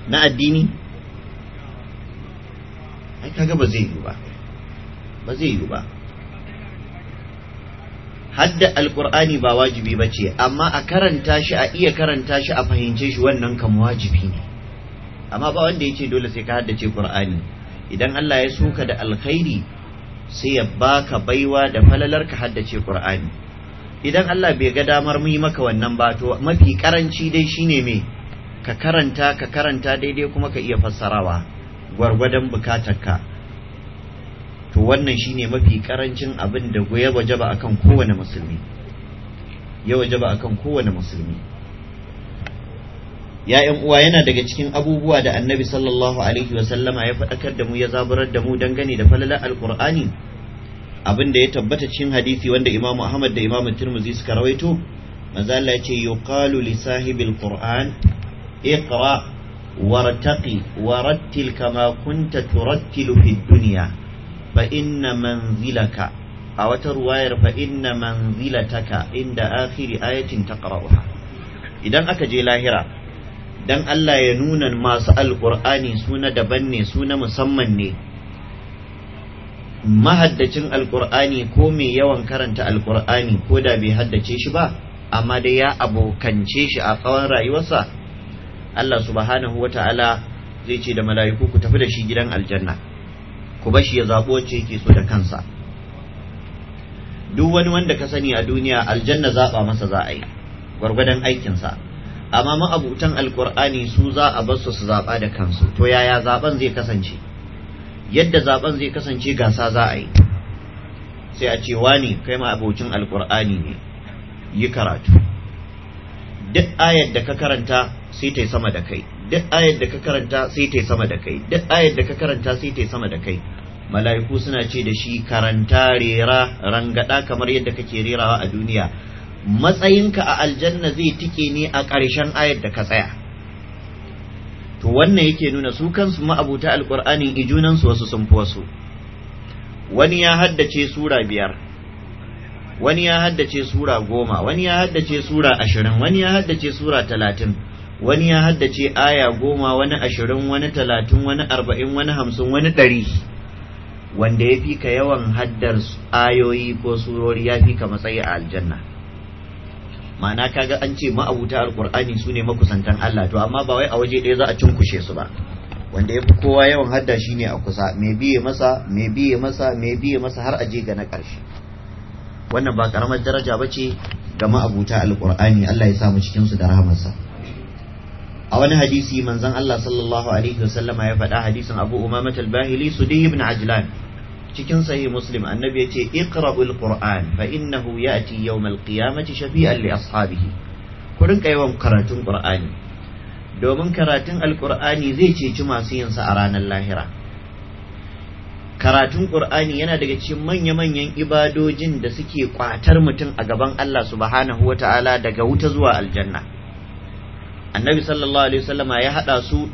na addini ai kaga ba zai yiwu ba ba zai yiwu ba hadda alkur'ani ba wajibi ba ce amma a karanta shi a iya karanta shi a fahimce shi wannan kam wajibi ne amma ba wanda ya ce dole sai ka haddace qur'ani idan Allah ya suka da alkhairi sai ya baka baiwa da falalar ka haddace qur'ani idan Allah bai ga damar mu yi maka wannan ba to mafi karanci dai shine me ka karanta ka karanta daidai kuma ka iya fassarawa gwargwadon bukatarka to wannan shine mafi karancin abin da ya wajaba akan kowane musulmi ya wajaba akan kowane musulmi ya yan uwa yana daga cikin abubuwa da annabi sallallahu alaihi wa sallama ya faɗakar da mu ya zaburar da mu dangane da falalar alqur'ani abin da ya tabbata cikin hadisi wanda imam ahmad da imam tirmidhi suka rawaito maza Allah ya ce yuqalu li sahibil qur'an iqra wartaqi warattil kama kunta turattilu fid dunya fa inna manzilaka a wata ruwayar fa inna manzilataka inda akhiri ayatin taqra'uha idan aka je lahira dan Allah ya nuna masu alqur'ani suna daban ne suna musamman ne mahaddacin alqur'ani ko mai yawan karanta alqur'ani ko da bai haddace shi ba amma dai ya abokance shi a tsawon rayuwarsa Allah subhanahu wata'ala zai ce da mala'iku ku tafi da shi gidan aljanna ku shi ya zaɓi wacce yake so da kansa duk wani wanda ka sani a duniya aljanna zaɓa masa za a yi gwargwadon aikinsa amma ma'abutan alkur'ani su za a bar su su zaɓa da kansu to yaya zaɓen zai kasance yadda zaɓen zai kasance gasa za a yi sai a ce wani kai ma'abucin alkur'ani ne yi karatu duk ayar da ka karanta sai ta yi sama da kai duk ayar da ka karanta sai ta sama da kai duk ayar da ka karanta sai ta sama da kai mala'iku suna ce da shi karanta rera rangada kamar yadda kake rerawa a duniya matsayinka a aljanna zai tike ne a ƙarshen ayar da ka tsaya to wannan yake nuna su kansu ma'abuta ijunan su wasu sun fi wasu wani ya haddace sura biyar wani ya haddace sura goma wani ya haddace sura ashirin wani ya haddace sura talatin wani ya haddace aya goma wani ashirin wani talatin wani arba'in wani hamsin wani ɗari wanda ya fi ka yawan haddar ayoyi ko surori ya fi ka matsayi a aljanna ma'ana kaga an ce ma'abuta Alƙur'ani su ne makusantan Allah to amma ba wai a waje ɗaya za a cunkushe su ba wanda ya fi kowa yawan hadda shi ne a kusa mai biye masa mai biye masa mai biye masa har aje ga na ƙarshe wannan ba ƙaramar daraja ba ce ga ma'abuta Alƙur'ani, Allah ya sa mu cikinsu da rahamarsa a wani hadisi manzon Allah sallallahu alaihi wasallama ya faɗa hadisin Abu Umamah al-Bahili Sudi ibn Ajlan cikin sahih Muslim annabi yace iqra'ul Qur'an fa innahu ya'ti yawm al-qiyamati shafi'an li ashabihi ku rinka yawan karatun Qur'ani domin karatun Al-Qur'ani zai ceci masu yin sa a ranar lahira karatun Qur'ani yana daga cikin manya-manyan ibadojin da suke kwatar mutum a gaban Allah subhanahu ta'ala daga wuta zuwa aljanna annabi sallallahu alaihi wasallama ya haɗa su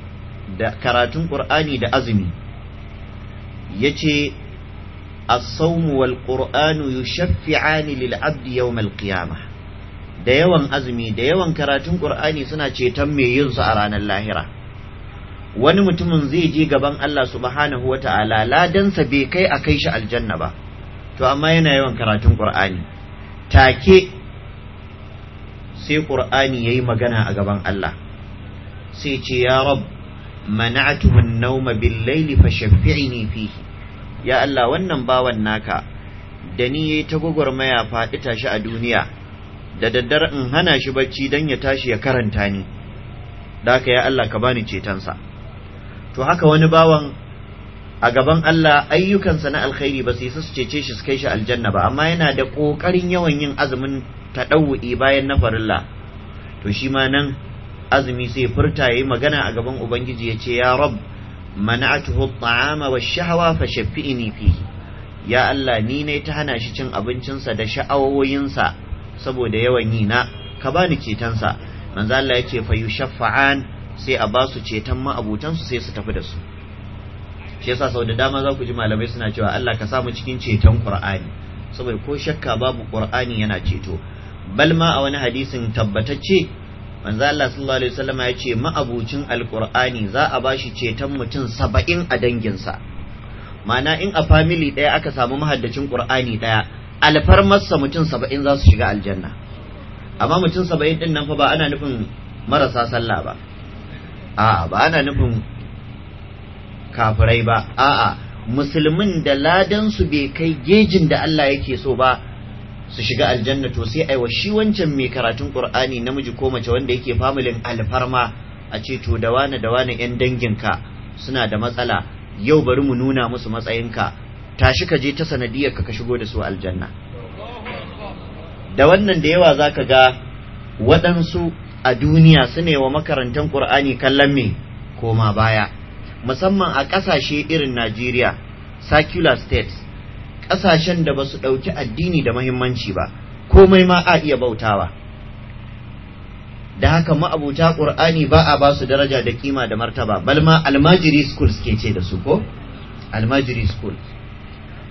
da karatun ƙur'ani da azumi yace as-sawm wal qur'anu yushaffi'ani lil 'abdi yawm qiyamah da yawan azumi da yawan karatun ƙur'ani suna ceton mai yin su a ranar lahira wani mutumin zai je gaban Allah subhanahu ta'ala ladansa bai kai a kai shi aljanna ba to amma yana yawan karatun ƙur'ani take sai qur'ani yayi magana a gaban Allah sai ce ya rab mana'tu min nawma bil layli fashaffi'ni fihi ya Allah wannan bawan naka da ni yayi ta maya faɗi tashi a duniya da daddar in hana shi bacci dan ya tashi ya karanta ni da haka ya Allah ka bani cetonsa to haka wani bawan a gaban Allah ayyukansa na alkhairi ba sai su cece shi su kai shi aljanna ba amma yana da ƙoƙarin yawan yin azumin taɗawu'i bayan na farilla to shi ma nan azumi sai furta yi magana a gaban ubangiji ya ce ya rab mana'atuhu ta'ama wa shahwa fa fihi ya Allah ni ne ta hana shi cin abincinsa da sha'awoyinsa saboda yawan yi na ka bani cetonsa manzo Allah ya ce fa yushaffa'an sai a ba su ceton su sai su tafi da su shi yasa sau da dama za ku ji malamai suna cewa Allah ka samu cikin ceton Qur'ani saboda ko shakka babu Qur'ani yana ceto bal ma a wani hadisin tabbatacce manzo Allah sallallahu alaihi wasallam ya ce ma'abucin alqur'ani za a bashi ceton mutum saba'in a danginsa ma'ana in a family ɗaya aka samu mahaddacin qur'ani ɗaya alfarmarsa mutum saba'in za su shiga aljanna amma mutum saba'in ɗin nan fa ba ana nufin marasa sallah ba a'a ba ana nufin kafirai ba a'a musulmin da ladan su bai kai gejin da Allah yake so ba su shiga aljanna to sai aiwa shi wancan mai karatun qur'ani namiji ko mace wanda yake familin alfarma a ce to da wani da wani yan danginka suna da matsala yau bari mu nuna musu matsayinka tashi ka je ta sanadiyar ka ka shigo da su aljanna da wannan da yawa zaka ga waɗansu a duniya su ne wa makarantan qur'ani kallon me koma baya musamman a ƙasashe irin Najeriya secular states ƙasashen da basu su ɗauki addini da mahimmanci ba komai ma a iya bautawa da haka ma'abuta ƙur'ani ba a ba su daraja da kima da martaba Balma almajiri school suke ce da su ko almajiri school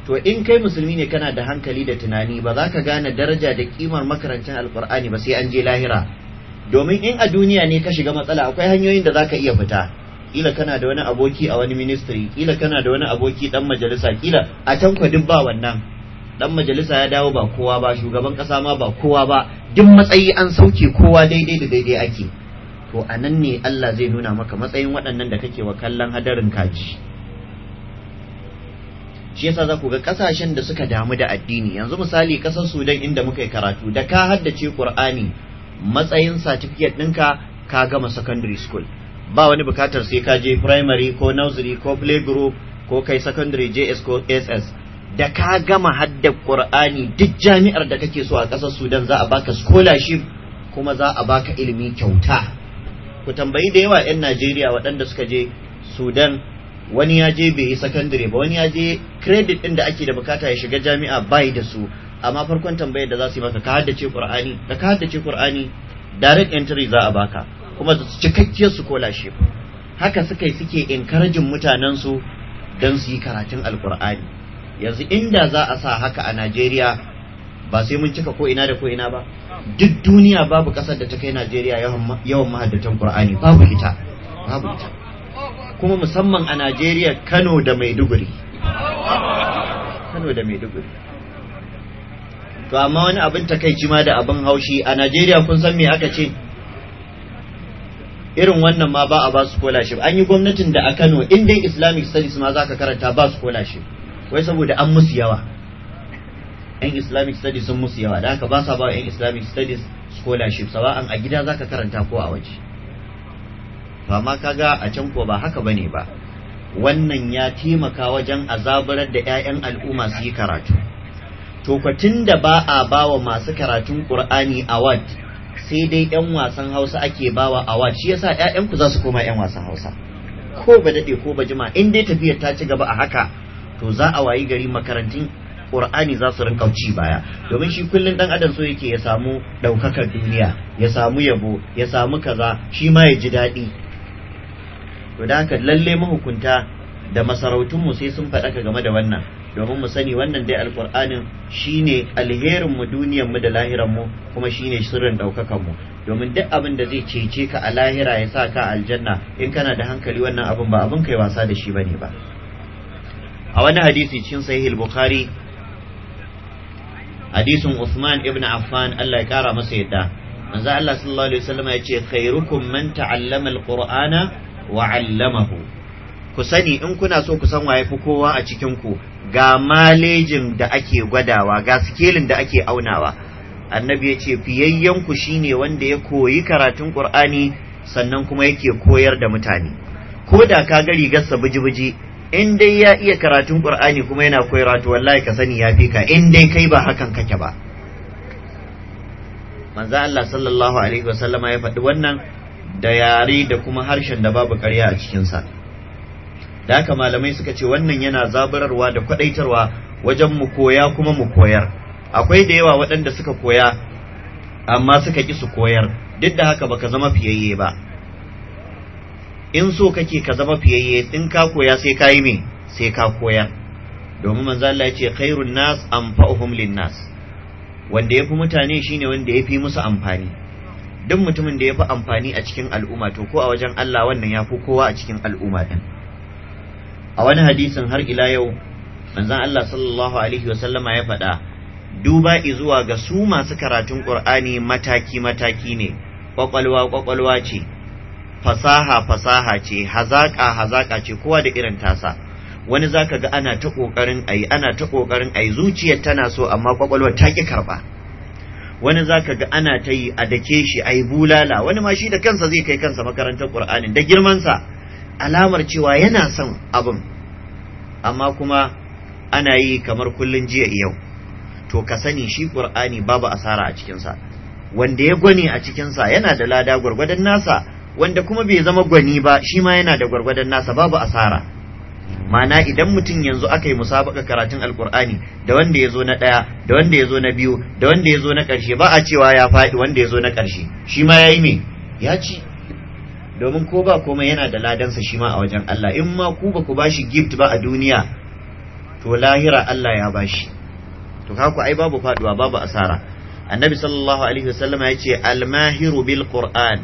to in kai musulmi ne kana da hankali da tunani ba za ka gane daraja da kimar makarantar alƙur'ani ba sai an je lahira domin in a duniya ne ka shiga matsala akwai hanyoyin da za ka iya fita kila kana da wani aboki a wani ministry kila kana da wani aboki dan majalisa kila a can duk ba wannan dan majalisa ya dawo ba kowa ba shugaban kasa ma ba kowa ba duk matsayi an sauke kowa daidai da daidai ake to anan ne Allah zai nuna maka matsayin waɗannan da kake wa kallon hadarin kaji shi yasa za ku ga kasashen da suka damu da addini yanzu misali kasar Sudan inda muka yi karatu da ka haddace Qur'ani matsayin certificate ɗinka ka gama secondary school ba wani bukatar sai ka je primary ko nursery ko play group ko kai secondary JS ko SS da ka gama hadda Qur'ani duk jami'ar da kake so a ƙasar Sudan za a baka scholarship kuma za a baka ilimi kyauta ku tambayi da yawa 'yan Najeriya waɗanda suka je Sudan wani ya je bai yi secondary ba wani ya je credit ɗin da ake da bukata ya shiga jami'a bai da su amma farkon tambayar da za su yi maka ka haddace Qur'ani da ka haddace Qur'ani direct entry za a baka kuma su kola shi haka suka yi suke inkarajin mutanensu don su yi karatun alkur'ani yanzu inda za a sa haka a najeriya ba sai mun cika ko'ina da ko'ina ba duk duniya babu ƙasar da ta kai najeriya yawan mahaddatan Kur'ani babu ita babu ita kuma musamman a najeriya kano da maiduguri kano da maiduguri to amma wani abin takaici ma da abin haushi a najeriya kun san me aka ce irin wannan ma ba a ba su scholarship an yi gwamnatin da a Kano in dai Islamic studies ma zaka karanta ba su scholarship wai saboda an musu yawa yan Islamic studies sun musu yawa da haka ba sa ba yan Islamic studies scholarship sawa'an a gida zaka karanta ko a waje ba ma kaga a can ko ba haka bane ba wannan ya taimaka wajen azabarar da 'ya'yan al'umma su yi karatu to da ba a bawa masu karatun Qur'ani award sai dai yan wasan hausa ake bawa awa shi yasa ƴaƴanku za su koma yan wasan hausa ko ba daɗe ko ba jima in dai tafiyar ta ci gaba a haka to za a wayi gari makarantun qur'ani za su rinka ci baya domin shi kullum dan adam so yake ya samu ɗaukakar duniya ya samu yabo ya samu kaza shi ma ya ji daɗi to da haka lalle mahukunta da masarautunmu sai sun faɗaka game da wannan domin mu sani wannan dai alkur'anin shine alherin mu duniyar mu da lahirar mu kuma shine sirrin daukakan mu domin duk abin da zai cece ka a lahira ya sa ka aljanna in kana da hankali wannan abin ba abin kai wasa da shi bane ba a wani hadisi cikin sahih al-bukhari hadisin Usman ibn Affan Allah ya kara masa yadda manzo Allah sallallahu alaihi wasallam ya ce khairukum man ta'allama al-qur'ana wa 'allamahu ku sani in kuna so ku san waye fi kowa a cikin ku ga malejin da ake gwadawa ga sikelin da ake aunawa annabi ya ce fiyayyanku shine wanda ya koyi karatun qur'ani sannan kuma yake koyar da mutane ko da ka ga rigarsa biji-biji in dai ya iya karatun qur'ani kuma yana koyarwa to wallahi ka sani ya fi ka in dai kai ba hakan kake ba manzo Allah sallallahu alaihi wasallama ya faɗi wannan da yare da kuma harshen da babu ƙarya a cikinsa da haka malamai suka ce wannan yana zaburarwa da kwadaitarwa wajen mu koya kuma mu koyar akwai da yawa waɗanda suka koya amma suka ki su koyar duk da haka baka zama fiyayye ba in so kake ka zama fiyayye in ka koya sai ka yi me sai ka koyar domin manzo Allah ya ce khairun nas anfa'uhum linnas wanda yafi mutane shine wanda yafi musu amfani duk mutumin da yafi amfani a cikin al'umma to ko a wajen Allah wannan yafi kowa a cikin al'umma din a wani hadisin har ila yau manzon Allah sallallahu alaihi sallama ya faɗa duba zuwa ga su masu karatun Qur'ani mataki mataki ne kwakwalwa kwakwalwa ce fasaha fasaha ce hazaka hazaka ce kowa da irin tasa wani zaka ga ana ta kokarin ayi ana ta kokarin ayi zuciyar tana so amma kwakwalwar ta ki karba wani zaka ga ana ta yi a dake shi ayi bulala wani ma shi da kansa zai kai kansa makarantar Qur'anin da girman sa alamar cewa yana son abin amma kuma ana yi kamar kullum jiya yau to ka sani shi qur'ani babu asara a cikinsa wanda ya gwani a cikinsa yana da lada gwargwadon nasa wanda kuma bai zama gwani ba shi ma yana da gwargwadon nasa babu asara mana idan mutum yanzu aka yi musabaka karatun alkur'ani da wanda ya zo na ɗaya da wanda ya zo na biyu da wanda ya zo na ƙarshe ba a cewa ya faɗi wanda ya zo na ƙarshe shi ma ya yi me ya ci domin ko ba komai yana da ladansa shi ma a wajen Allah in ma ku ba ku bashi gift ba a duniya to lahira Allah ya bashi to haku ai babu faduwa babu asara annabi sallallahu alaihi wasallam ya ce almahiru bil qur'an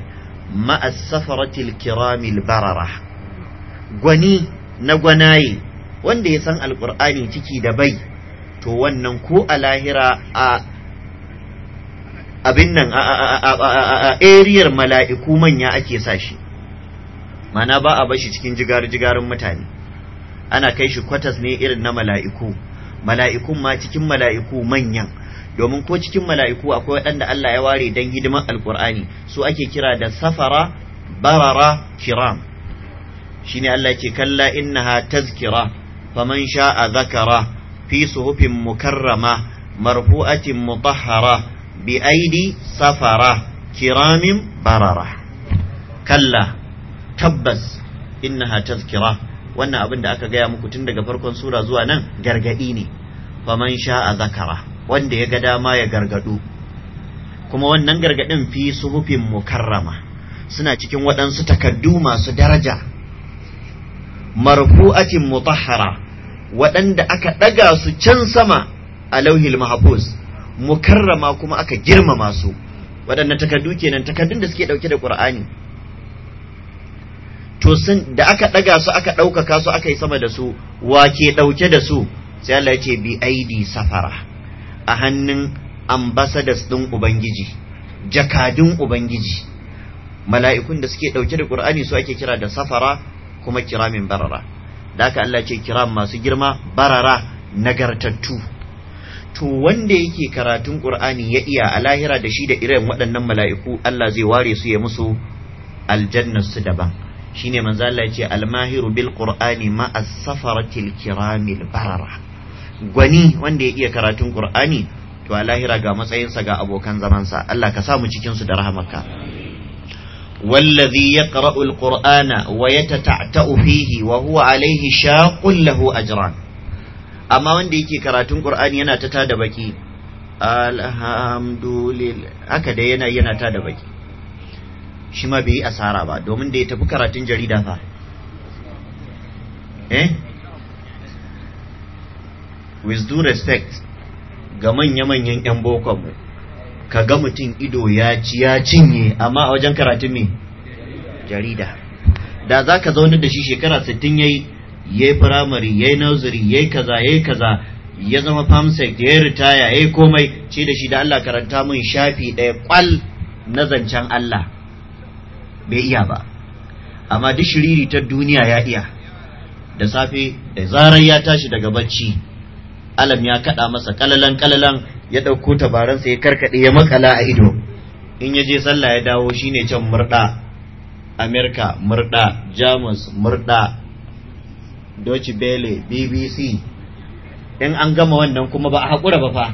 ma as-safaratil kiramil barara gwani na gwanaye wanda ya san alqur'ani ciki da bai to wannan ko a lahira a abin nan a a mala'iku manya ake sa shi mana ba a bashi cikin jigar-jigarin mutane ana kai shi kwatas ne irin na mala'iku mala'ikun ma cikin mala'iku manyan domin ko cikin mala'iku akwai waɗanda Allah ya ware don hidimar alkur'ani su ake kira da safara barara kiram shine Allah yake kalla innaha tazkira faman sha'a zakara fi suhufin mukarrama marfu'atin mutahhara bi aidi safara kiramin barara kalla tabbas innaha tazkira wannan abin da aka gaya muku tun daga farkon sura zuwa nan gargadi ne faman sha'a zakara wanda ya ga dama ya gargadu kuma wannan gargadin fi suhufin mukarrama suna cikin waɗansu takaddu masu daraja marfu'atin mutahhara waɗanda aka ɗaga su can sama a lauhil mahfuz mukarrama kuma aka girmama su waɗannan takaddu kenan takaddun da suke ɗauke da qur'ani to sun da aka ɗaga su aka ɗaukaka su aka yi sama da su wake ke ɗauke da su sai Allah ya ce bi aidi safara a hannun ambassadors ɗin ubangiji jakadun ubangiji mala'ikun da suke ɗauke da ƙur'ani su ake kira da safara kuma kiramin barara da haka Allah ce kiram masu girma barara nagartattu to wanda yake karatun ƙur'ani ya iya a lahira da shi da irin waɗannan mala'iku Allah zai ware su ya musu aljannar su daban shine manzo Allah yace al bil qur'ani ma as-safaratil kiramil barara gwani wanda ya iya karatun qur'ani to a lahira ga matsayinsa ga abokan zamansa Allah ka samu cikin su da rahamarka والذي يقرأ القرآن ويتتعتأ فيه وهو عليه شاق له أجران أما وندي كي كراتون قرآن ينا تتادبكي alhamdulillah haka da yana yana ta da baki shi ma bai yi asara ba domin da ya tafi karatun jarida fa eh with due respect ga manya-manyan 'yan bokonmu ka ga mutum ido ya ci ya cinye amma a wajen karatun me jarida da za ka zaunar da shi shekara 60 yayi yayi firamare yayi nursery yayi kaza yayi kaza ya zama famsek ya ritaya ya komai ce da shi da Allah karanta mun shafi ɗaya kwal na zancen Allah bai iya ba amma duk shiriri ta duniya ya iya da safe da zarar ya tashi daga bacci alam ya kada masa kalalan kalalan ya ɗauko tabaransa ya karkade ya makala a ido in ya je sallah ya dawo shine can murda amerika murda jamus murda deutsche bele bbc in an gama wannan kuma ba a haƙura ba fa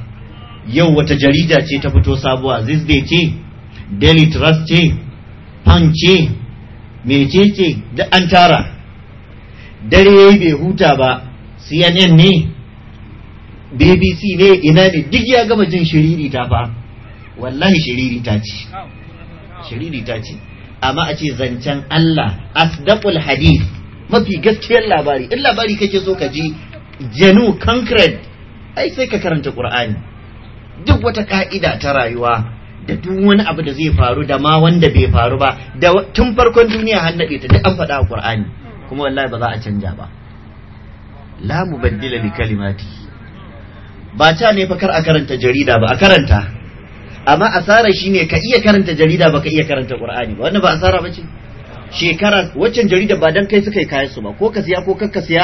yau wata jarida ce ta fito sabuwa zizde ce daily trust ce fanke mecece da an tara dare yayi bai huta ba cnn ne bbc ne ina ne duk ya gama jin shiriri ta fa wallahi shiriri ta ce shiriri ta ci amma a ce zancen allah asdaqul hadith mafi gaskiyar labari in labari kake so ka ji janu concrete ai sai ka karanta qur'ani duk wata ka'ida ta rayuwa da duk wani abu da zai faru da ma wanda bai faru ba da tun farkon duniya har nade ta duk an faɗa a Qur'ani kuma wallahi ba za a canja ba la mubaddila li kalimati ba ta ne fa kar a karanta jarida ba a karanta amma asara shine ka iya karanta jarida ba ka iya karanta Qur'ani ba wannan ba asara bace shekara waccan jarida ba dan kai suka yi kayan su ba ko ka siya ko kakka siya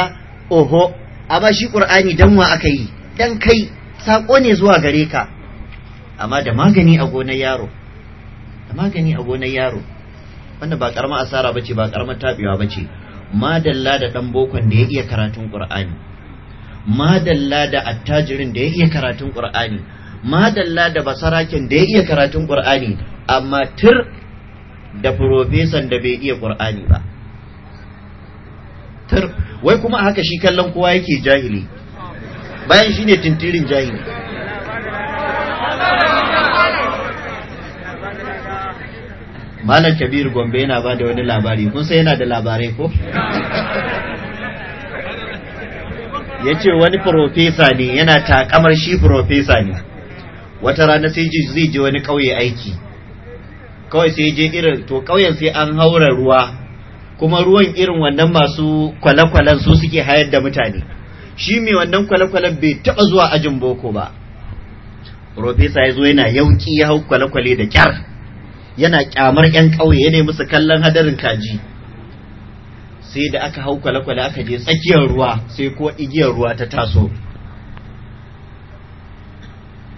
oho amma shi Qur'ani dan wa aka yi dan kai sako ne zuwa gare ka amma da magani a gonar yaro da magani a gonar yaro wanda ba karamar asara ba ce, ba karamar ba ce madalla da dan bokon da ya iya karatun qur'ani madalla da attajirin da ya iya karatun qur'ani madalla da basaraken da ya iya karatun qur'ani amma tir da profesan da bai iya qur'ani ba tir wai kuma haka shi kallon kowa yake jahili bayan shine tintirin jahili malam kabir gombe yana ba da wani labari kun sai yana da labarai ko ya ce wani profesa ne yana takamar shi profesa ne wata rana sai zai je wani ƙauye aiki kawai sai je irin to ƙauyen sai an haura ruwa kuma ruwan irin wannan masu kwale-kwalen su suke hayar da mutane shi mai wannan kwale-kwalen bai taɓa zuwa ajin boko ba profesa ya zo yana yauki ya hau kwale-kwale da kyar yana kyamar yan ƙauye ne musu kallon hadarin kaji sai da aka hau kwale-kwale aka je tsakiyar ruwa sai kuwa igiyar ruwa ta taso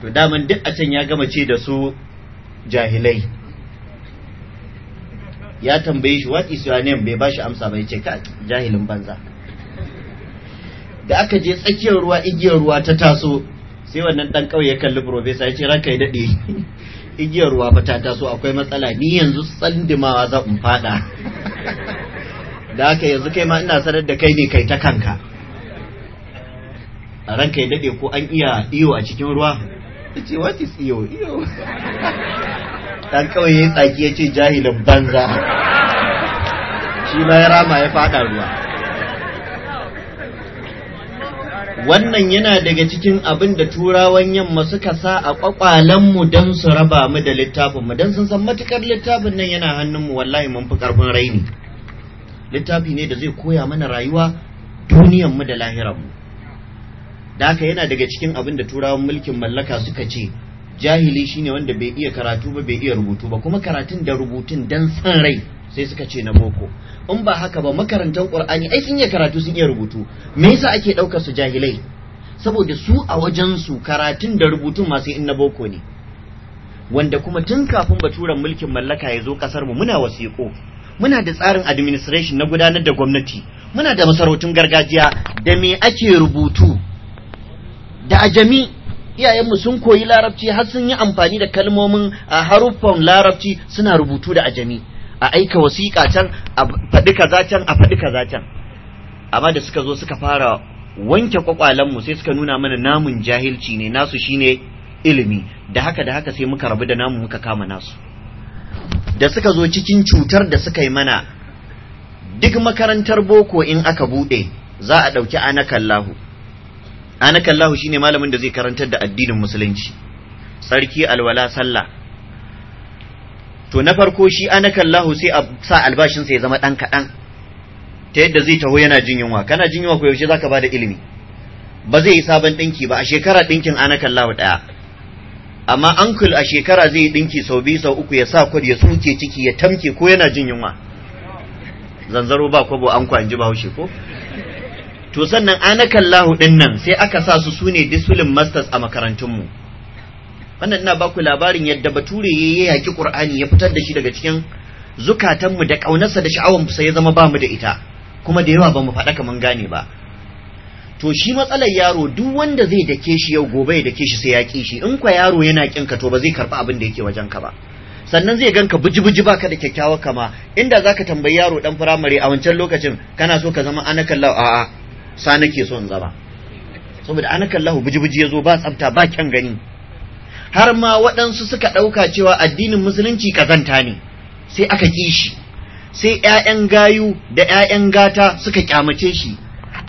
to daman duk a can ya gama ce da su jahilai ya tambaye shi what is your name bai bashi amsa bai ce ka jahilin banza da aka je tsakiyar ruwa igiyar ruwa ta taso sai wannan dan kauye ya kalli profesa ya ce ranka ya dade igiyar ruwa ba ta taso akwai matsala ni yanzu tsandimawa za in fada da haka yanzu kai ma ina sanar da kai ne kai ta kanka a ranka ya dade ko an iya iyo a cikin ruwa Ta ce what is iyo iyo dan kawai ya tsaki ya ce jahilin banza shi ma ya rama ya fada ruwa wannan yana daga cikin abin da turawan yamma suka sa a kwakwalenmu don su raba mu da littafinmu don sun san matukar littafin nan yana hannunmu wallahi mun fi karfin raini littafi ne da zai koya mana rayuwa duniyanmu da lahiranmu da haka yana daga cikin abin da turawan mulkin mallaka suka ce jahili shine wanda bai iya karatu ba bai iya rubutu ba kuma karatun da rubutun dan san rai sai suka ce na boko in ba haka ba makarantar qur'ani ai sun iya karatu sun iya rubutu me yasa ake daukar su jahilai saboda su a wajen su karatun da rubutun masu in na boko ne wanda kuma tun kafin baturen mulkin mallaka ya zo kasar mu muna wasiƙo muna da tsarin administration na gudanar da gwamnati muna da masarautun gargajiya da me ake rubutu da ajami iyayenmu sun koyi larabci har sun yi amfani da kalmomin a haruffan larabci suna rubutu da ajami a aika wasiƙa can a faɗi kaza can a faɗi kaza can amma da suka zo suka fara wanke mu sai suka nuna mana namun jahilci ne nasu shine ilimi da haka da haka sai muka rabu da namu muka kama nasu da suka zo cikin cutar da suka yi mana duk makarantar boko in aka buɗe za a ɗauki anakallahu anakallahu shine malamin da zai karantar da addinin musulunci sarki alwala sallah to na farko shi anakallahu sai a sa albashinsa ya zama ɗan kaɗan ta yadda zai taho yana jin yunwa kana jin yunwa ko yaushe zaka bada ilimi ba zai yi sabon ɗinki ba a shekara ɗinkin anakallahu ɗaya amma ankul a shekara zai yi ɗinki sau biyu sau uku ya sa kwad ya tsuke ciki ya tamke ko yana jin yunwa zanzaro ba kwabo an kwanji bahaushe ko to sannan anakallahu ɗin nan sai aka sa su sune disulin masters a makarantunmu mu wannan ina baku labarin yadda bature ya yaki qur'ani ya fitar da shi daga cikin zukatanmu da kaunarsa da sha'awar sa ya zama bamu da ita kuma da yawa bamu faɗa kaman gane ba to shi matsalar yaro duk wanda zai dake shi yau gobe ya dake shi sai ya ki shi in kwa yaro yana kin ka to ba zai karɓi abin da yake wajen ka ba sannan zai ganka buji-buji baka da kyakkyawar kama inda zaka tambayi yaro dan firamare a wancan lokacin kana so ka zama anakan lau a'a sa nake in zama saboda anakan lahu buji-buji ya zo ba tsafta ba kyan gani har ma waɗansu suka ɗauka cewa addinin musulunci kazanta ne sai aka ƙi shi sai 'ya'yan gayu da 'ya'yan gata suka ƙyamace shi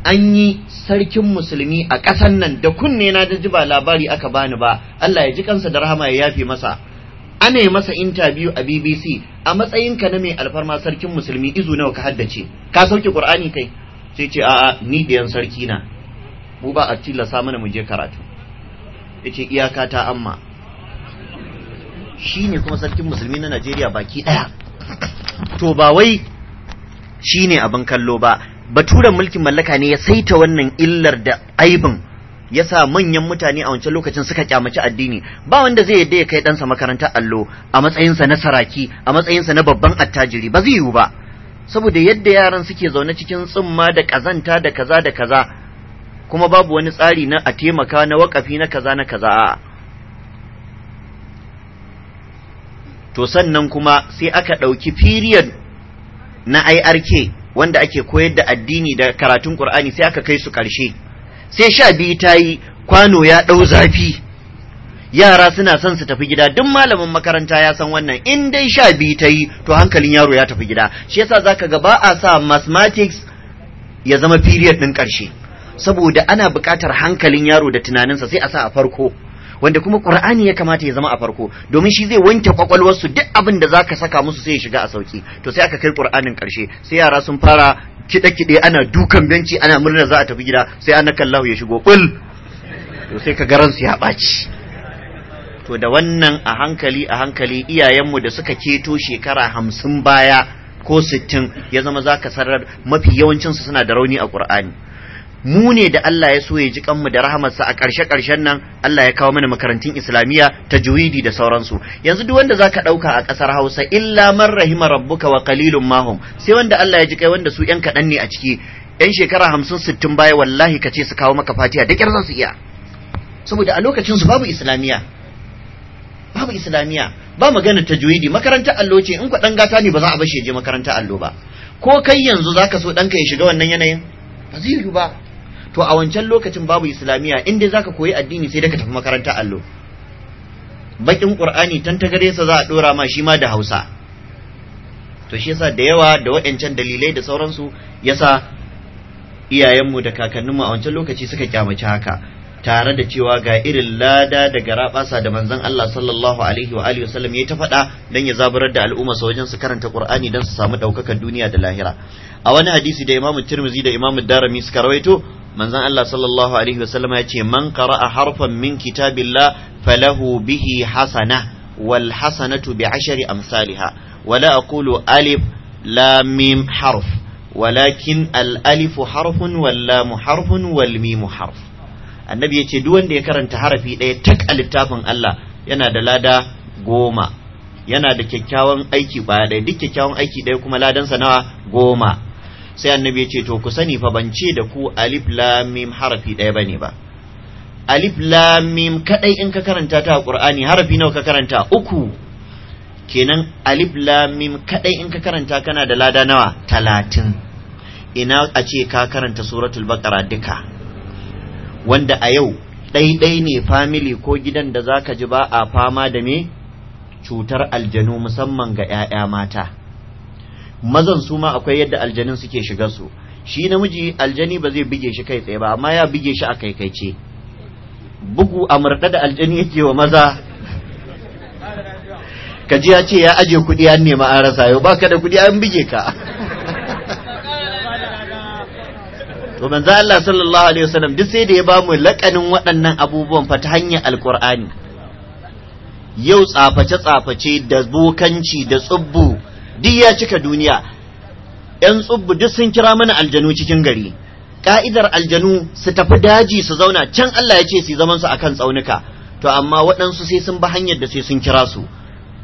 an yi sarkin musulmi a ƙasan nan da kunne na da ba labari aka bani ba Allah ya ji kansa da rahama ya yafe masa ana yi masa intabiyu a BBC a matsayin ka na mai alfarma sarkin musulmi izu nawa ka haddace ka sauke Qur'ani kai sai ce a'a ni ɗiyan sarki na mu ba a tilasa mana mu je karatu yace iyaka ta amma Shi ne kuma sarkin musulmi na Najeriya baki ɗaya. to ba wai shi ne abin kallo ba baturen mulkin mallaka ne ya saita wannan illar da aibin ya sa manyan mutane a wancan lokacin suka kyamaci addini ba wanda zai yadda ya kai ɗansa makarantar allo a matsayinsa na saraki a matsayinsa na babban attajiri ba zai yiwu ba saboda yadda yaran suke zaune cikin tsumma da kazanta da kaza da kaza kuma babu wani tsari na a taimaka na wakafi na kaza na kaza a'a to sannan kuma sai aka ɗauki period na IRK wanda ake koyar da addini da karatun Qur'ani sai aka kai su ƙarshe sai sha biyu ta yi kwano ya ɗau zafi yara suna son su tafi gida duk malamin makaranta ya san wannan in dai sha biyu ta yi to hankalin yaro ya tafi gida shi yasa zaka ga ba a sa mathematics ya zama period ɗin ƙarshe saboda ana buƙatar hankalin yaro da tunaninsa sai a sa a farko wanda kuma qur'ani ya kamata ya zama a farko domin shi zai wanke kwakwalwar su duk abin da zaka saka musu sai ya shiga a sauki to sai aka kai qur'anin karshe sai yara sun fara kide kide ana dukan benci ana murna za a tafi gida sai Allah ya shigo kul to sai ka garan su ya baci to da wannan a hankali a hankali iyayenmu da suka keto shekara hamsin baya ko sittin ya zama za ka sarar mafi yawancinsu suna da rauni a ƙur'ani mu ne da Allah ya so ya ji kanmu da rahamarsa a ƙarshe ƙarshen nan Allah ya kawo mana makarantun islamiyya tajwidi da sauransu yanzu duk wanda zaka ɗauka a ƙasar Hausa illa man rahima rabbuka wa qalilun mahum sai wanda Allah ya ji kai wanda su yan kaɗan ne a ciki yan shekara hamsin sittin baya wallahi ka ce su kawo maka fatiha da kyar za su iya saboda a lokacin su babu islamiyya babu islamiyya ba magana tajwidi makarantar allo ce in kwaɗan gata ne ba za a bashi ya je makarantar allo ba ko kai yanzu zaka so ɗanka ya shiga wannan yanayin ba zai yiwu ba to a wancan lokacin babu islamiyya inda dai zaka koyi addini sai da ka tafi makaranta allo bakin qur'ani tantagare sa za a dora ma shi ma da hausa to shi yasa da yawa da waɗancan dalilai da sauransu yasa iyayenmu da kakanninmu a wancan lokaci suka kyamaci haka tare da cewa ga irin lada da garabasa da manzon Allah sallallahu alaihi wa alihi wasallam ya ta faɗa dan ya zaburar da al'umma su wajen su karanta Qur'ani dan su samu ɗaukakar duniya da lahira a wani hadisi da Imam Tirmidhi da Imam Darimi suka rawaito manzon Allah sallallahu alaihi wasallam ya ce man qara'a harfan min kitabillah falahu bihi hasana wal hasanatu bi ashri amsalha wala aqulu alif lam mim harf walakin al alif harfun wal lam harfun wal mim harf annabi yace duk wanda ya karanta harafi ɗaya tak a littafin Allah yana da lada goma yana da kyakkyawan aiki ba ɗaya duk kyakkyawan aiki daya kuma ladansa nawa goma sai annabi ya ce to ku sani fa ban ce da ku alif lam mim harafi ɗaya bane ba alif lam mim kadai in ka karanta ta qur'ani harafi nawa ka karanta uku kenan alif lam mim kadai in ka karanta kana da lada nawa talatin ina a ce ka karanta suratul baqara duka wanda a yau ɗaiɗai ne family ko gidan da zaka ji ba a fama da me cutar aljanu musamman ga 'ya'ya mata mazan su ma akwai yadda aljanin suke shiga su shi namiji aljani ba zai bige shi kai tsaye ba amma ya bige shi a kaikaice bugu a murɗa da aljani yake wa maza ji ya ce ya aje kuɗi an nema an rasa yau baka da kuɗi an bige ka to manzo Allah sallallahu alaihi wasallam duk sai da ya bamu lakanin waɗannan abubuwan fa ta hanyar alqur'ani yau tsaface tsaface da bokanci da tsubbu duk ya cika duniya yan tsubbu duk sun kira mana aljanu cikin gari ka'idar aljanu su tafi daji su zauna can Allah ya ce su zaman su akan tsaunuka to amma waɗansu sai sun ba hanyar da sai sun kira su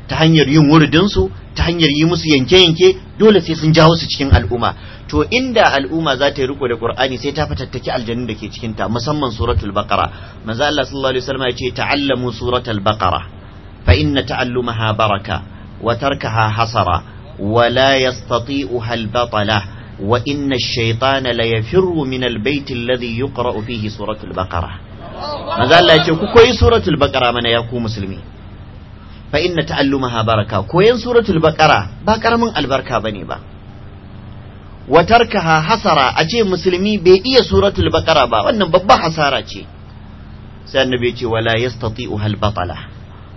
ta hanyar yin wuridin su ta hanyar yi musu yanke-yanke dole sai sun jawo su cikin al'umma to inda al'umma za ta yi riko da qur'ani sai ta fatattaki aljanun da ke cikin ta musamman suratul baqara manzo Allah sallallahu alaihi wasallam ya ce ta'allamu suratul baqara fa inna ta'allumaha baraka wa tarkaha hasara ولا يستطيعها البطلة وإن الشيطان ليفر من البيت الذي يقرأ فيه سورة البقرة ماذا الله يقول كوي سورة البقرة من يكو مسلمي فإن تعلمها بركة كوين سورة البقرة بقرة من البركة بني با وتركها حسرة أجي مسلمي بيئية سورة البقرة با وأن ببا حسارة سيد النبي ولا يستطيعها البطلة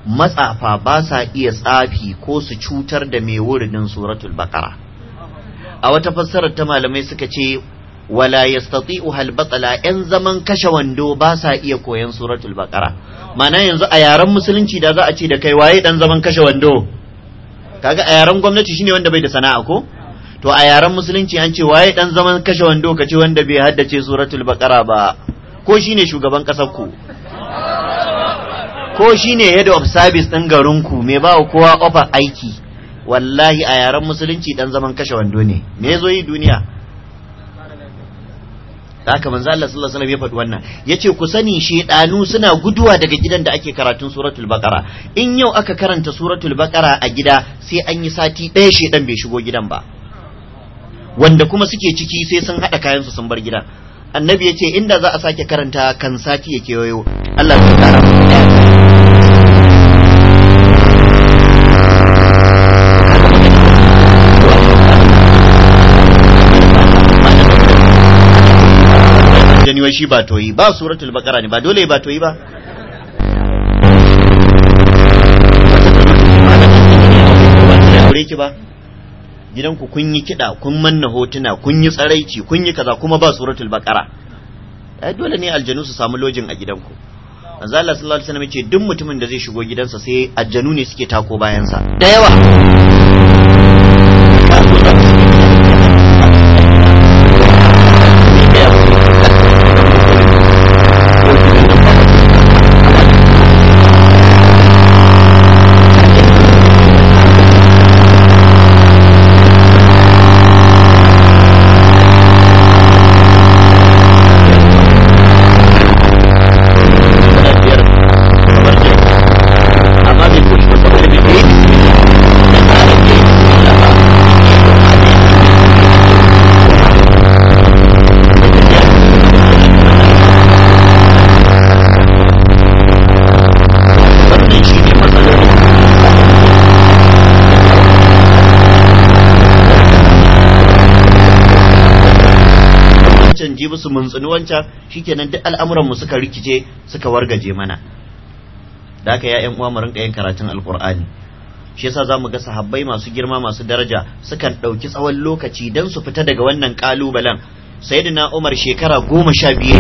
matsafa ba sa iya tsafi ko su cutar da mai wurinin suratul baqara a wata fassarar ta malamai suka ce wala yastati'u hal yan zaman kashe wando ba sa iya koyan suratul baqara mana yanzu a yaren musulunci da za a ce da kai waye dan zaman kashe wando kaga a yaren gwamnati shine wanda bai da sana'a ko to a yaren musulunci an ce waye dan zaman kashe wando kace wanda bai haddace suratul baqara ba ko shine shugaban kasar ku ko shine head of service ɗin garinku mai ba kowa offer aiki wallahi a yaren musulunci dan zaman kashe wando ne me yazo yi duniya haka manzo Allah sallallahu alaihi wasallam ya faɗi wannan yace ku sani shedanu suna guduwa daga gidan da ake karatun suratul baqara in yau aka karanta suratul baqara a gida sai an yi sati ɗaya shedan bai shigo gidan ba wanda kuma suke ciki sai sun haɗa su sun bar gidan. annabi ya ce inda za a sake karanta kan sati ya kewayo Allah zai kara da janiwa shi ba toyi ba suratul baqara ne ba dole ba toyi ba ba gidanku kun yi kiɗa kun manna hotuna kun yi tsaraici kun yi kaza kuma ba suratul baqara ai dole ne aljanu su samu lojin a gidanku manzo Allah sallallahu alaihi wasallam yace duk mutumin da zai shigo gidansa sai aljanu ne suke tako bayansa. da yawa ji musu su tsini wancan shikenan duk al'amuran mu suka rikice suka wargaje mana da haka ya ƴan uwa mu rinka yin karatun alqur'ani shi yasa zamu ga sahabbai masu girma masu daraja sukan ɗauki tsawon lokaci dan su fita daga wannan kalubalen sayyidina Umar shekara goma sha biyu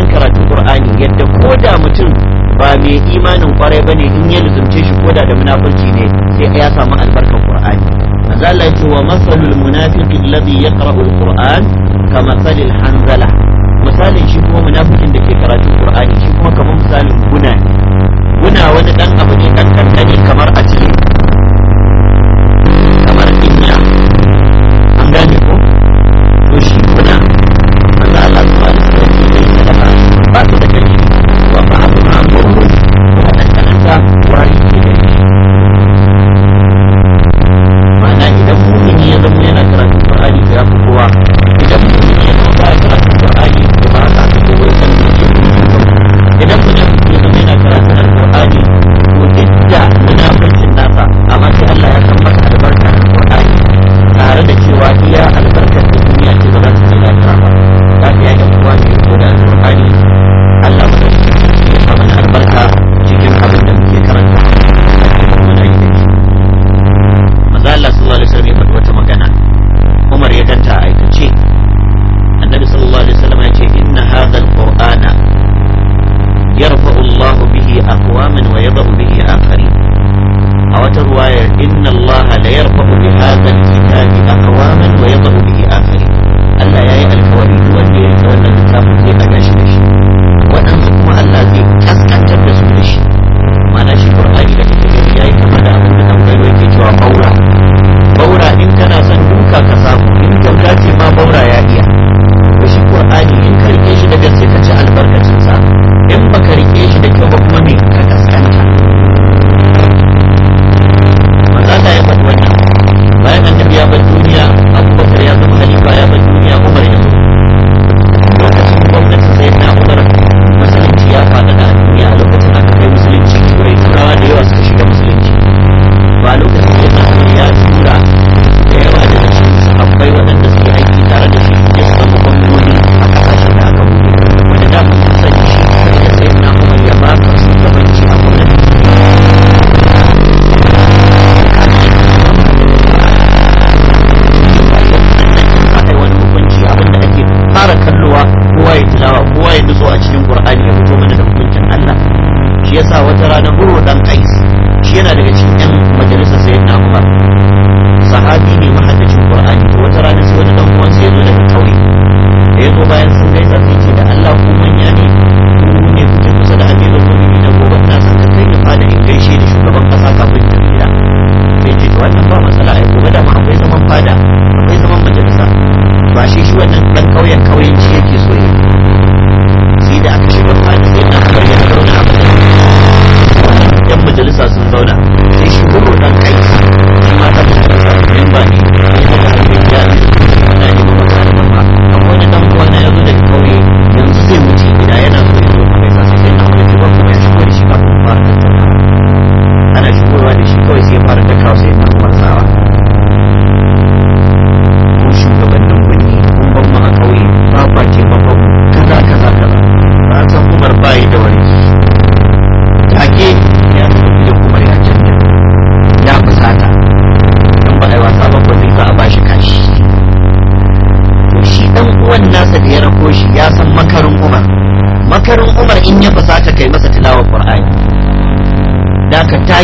amfanin karatun qur'ani yadda koda mutum ba mai imanin kwarai bane in ya luzumce shi koda da munafurci ne sai ya samu albarkar qur'ani manzo Allah ya ce wa masalul munafiqi alladhi yaqra'u alquran kama salil hanzala misalin shi kuma munafikin da ke karatun qur'ani shi kuma kamar misalin guna guna wani dan abu ne kan kankani kamar a cikin yasa wata rana huru dan kais shi yana daga cikin yan majalisa na umar sahabi ne mahaddacin qur'ani da wata rana sai wani dan uwan sai ya zo daga kauye da yazo bayan sun gaisa sai ce da Allah ku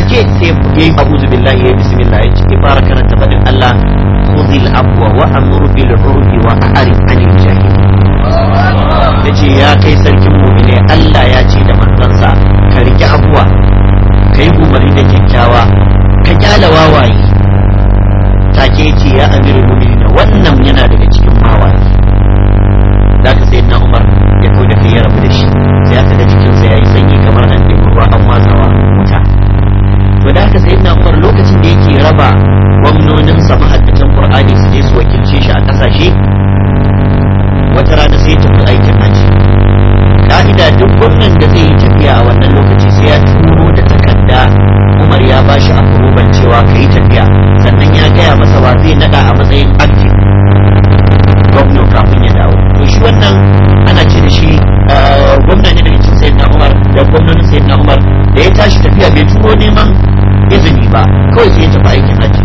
take sai yayi a'udhu billahi ya bismillah ya ce fara karanta fadin Allah khudhil afwa wa amur bil urfi wa a'rif anil jahil yace ya kai sarkin mu'mine Allah ya ce da manzansa ka riki afwa kai umarni da kyakkyawa ka kyala wawaye take yace ya amirul mu'minin wannan yana daga cikin mawaye zaka sai na Umar ya kauda kai ya rabu da shi sai aka ga cikin sa yayi sanyi kamar an da yake raba gwamnoninsa mahaddacin qur'ani su je su wakilce shi a kasashe wata rana sai tafi aikin hajji ka'ida duk gwamnan da zai yi tafiya a wannan lokaci sai ya turo da takarda umar ya ba shi akuruban cewa ka yi tafiya sannan ya gaya masa wa zai naɗa a matsayin active gwamna kafin ya dawo to shi wannan ana ce da shi eh, gwamna ne daga cikin sayyidina umar da gwamnonin sayyidina umar da ya tashi tafiya bai turo neman izini ba kawai sai ya tafi aikin haji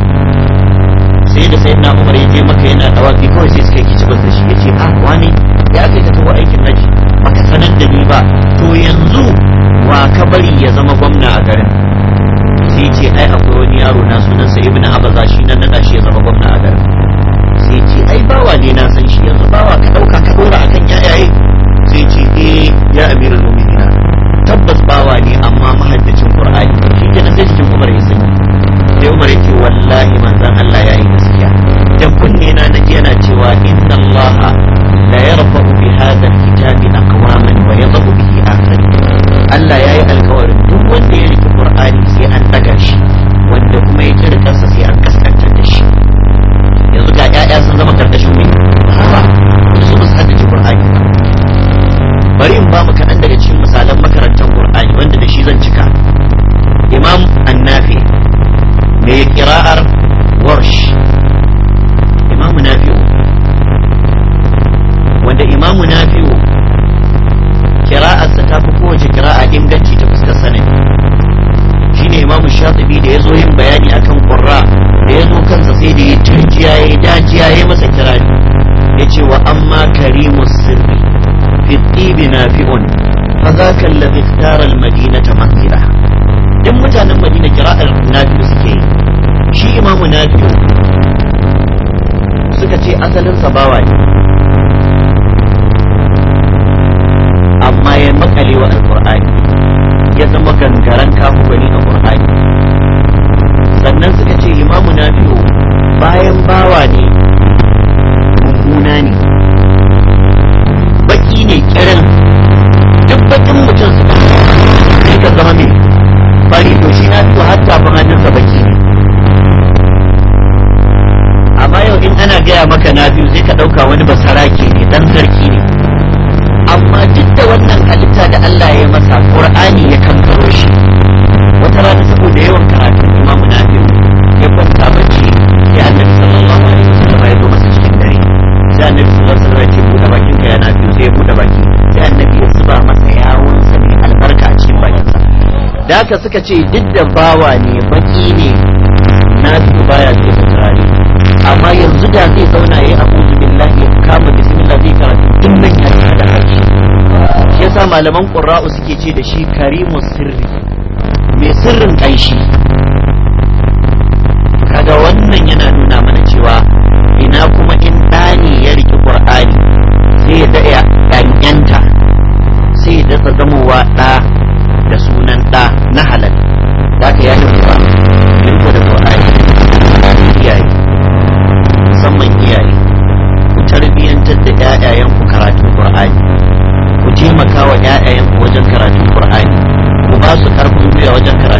sai da sai na umar ya je maka yana tawaki kawai sai suka yi cibas da shi ya ce a ah, wani ya kai ta tafi aikin haji baka sanar da ni ba to yanzu wa ka bari ya zama gwamna a garin sai ce ai akwai wani yaro na sunansa ibnu abaza shi nan nana shi ya zama gwamna a garin sai ce ai bawa ne na san shi yanzu bawa ka dauka ka dora akan yayaye sai ce eh ya amirul mu'minin tabbas bawa ne umar yace wallahi manzan Allah yayi gaskiya dan kunne na naji yana cewa inna Allah la yarfa'u bi hadha al-kitabi aqwaman wa yadhabu bihi akhar Allah yayi alkawarin duk wanda ya rike Qur'ani sai an daga shi wanda kuma ya rike sai an kaskantar da shi yanzu ga ƴaƴa sun zama الغيب نافع فذاك الذي اختار المدينة منزلة دم متانا مدينة قراءة نافع سكي شي إمام نافع سكتي أسل صباواني amma ya makale wa alkur'ani ya zama gangaren gani a qur'ani sannan suka ce imamu nafi'u bayan bawa ne take kirin duk batun mutum su ka zama mai bari to shi na fito har hannun sa baki amma yau in ana gaya maka na biyu sai ka ɗauka wani basaraki ne dan sarki ne amma duk da wannan halitta da Allah ya masa Qur'ani ya kankaro shi wata rana saboda yawan karatu da aka suka ce duk da bawa ne baki ne na su baya su tare amma yanzu da zai zauna ya yi abuzu billahi kama bismillah zai karatu duk nan ya yi da haƙi shi yasa malaman ƙura'u suke ce da shi karimu sirri mai sirrin ƙanshi kaga wannan yana nuna mana cewa ina kuma in ɗani na halal da ka ya tafi ba ko da qur'ani iyaye musamman iyaye ku tarbiyyantar da ƴaƴayen ku karatun qur'ani ku taimaka wa ƴaƴayen ku wajen karatun qur'ani ku ba su karfin gwiwa wajen karatun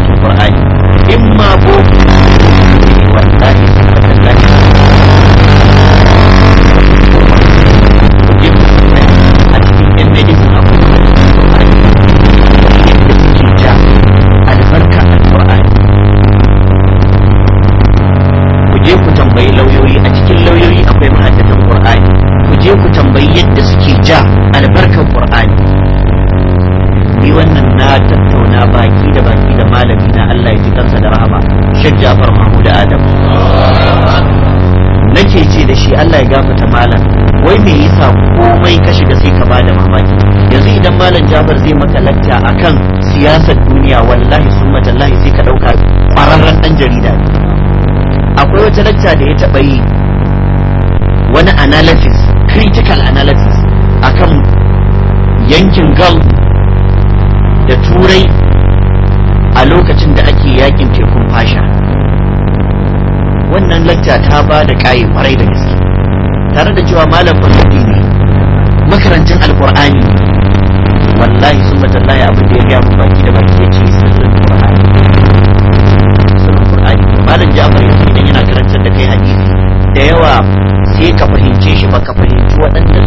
Sheikh Jafar Mahmud Adam nake ce da shi Allah ya gafata malam wai me yasa komai ka shiga sai ka bada mamaki yanzu idan malam Jafar zai maka lacca akan siyasar duniya wallahi summa tallahi sai ka dauka kwararren ɗan jarida akwai wata lacca da ya taɓa yi wani analysis critical analysis akan yankin Gulf da turai a lokacin da ake yakin tekun fasha wannan lacca ta ba da ƙaye kwarai da gaske tare da cewa malam fulani ne makarancin alkur'ani wallahi sun matallahi abin da ya gaya mu baki da baki ya ce sirrin qur'ani sirrin qur'ani malam ja'far yanzu idan yana karantar da kai hadisi da yawa sai ka fahimce shi ba ka fahimci waɗanda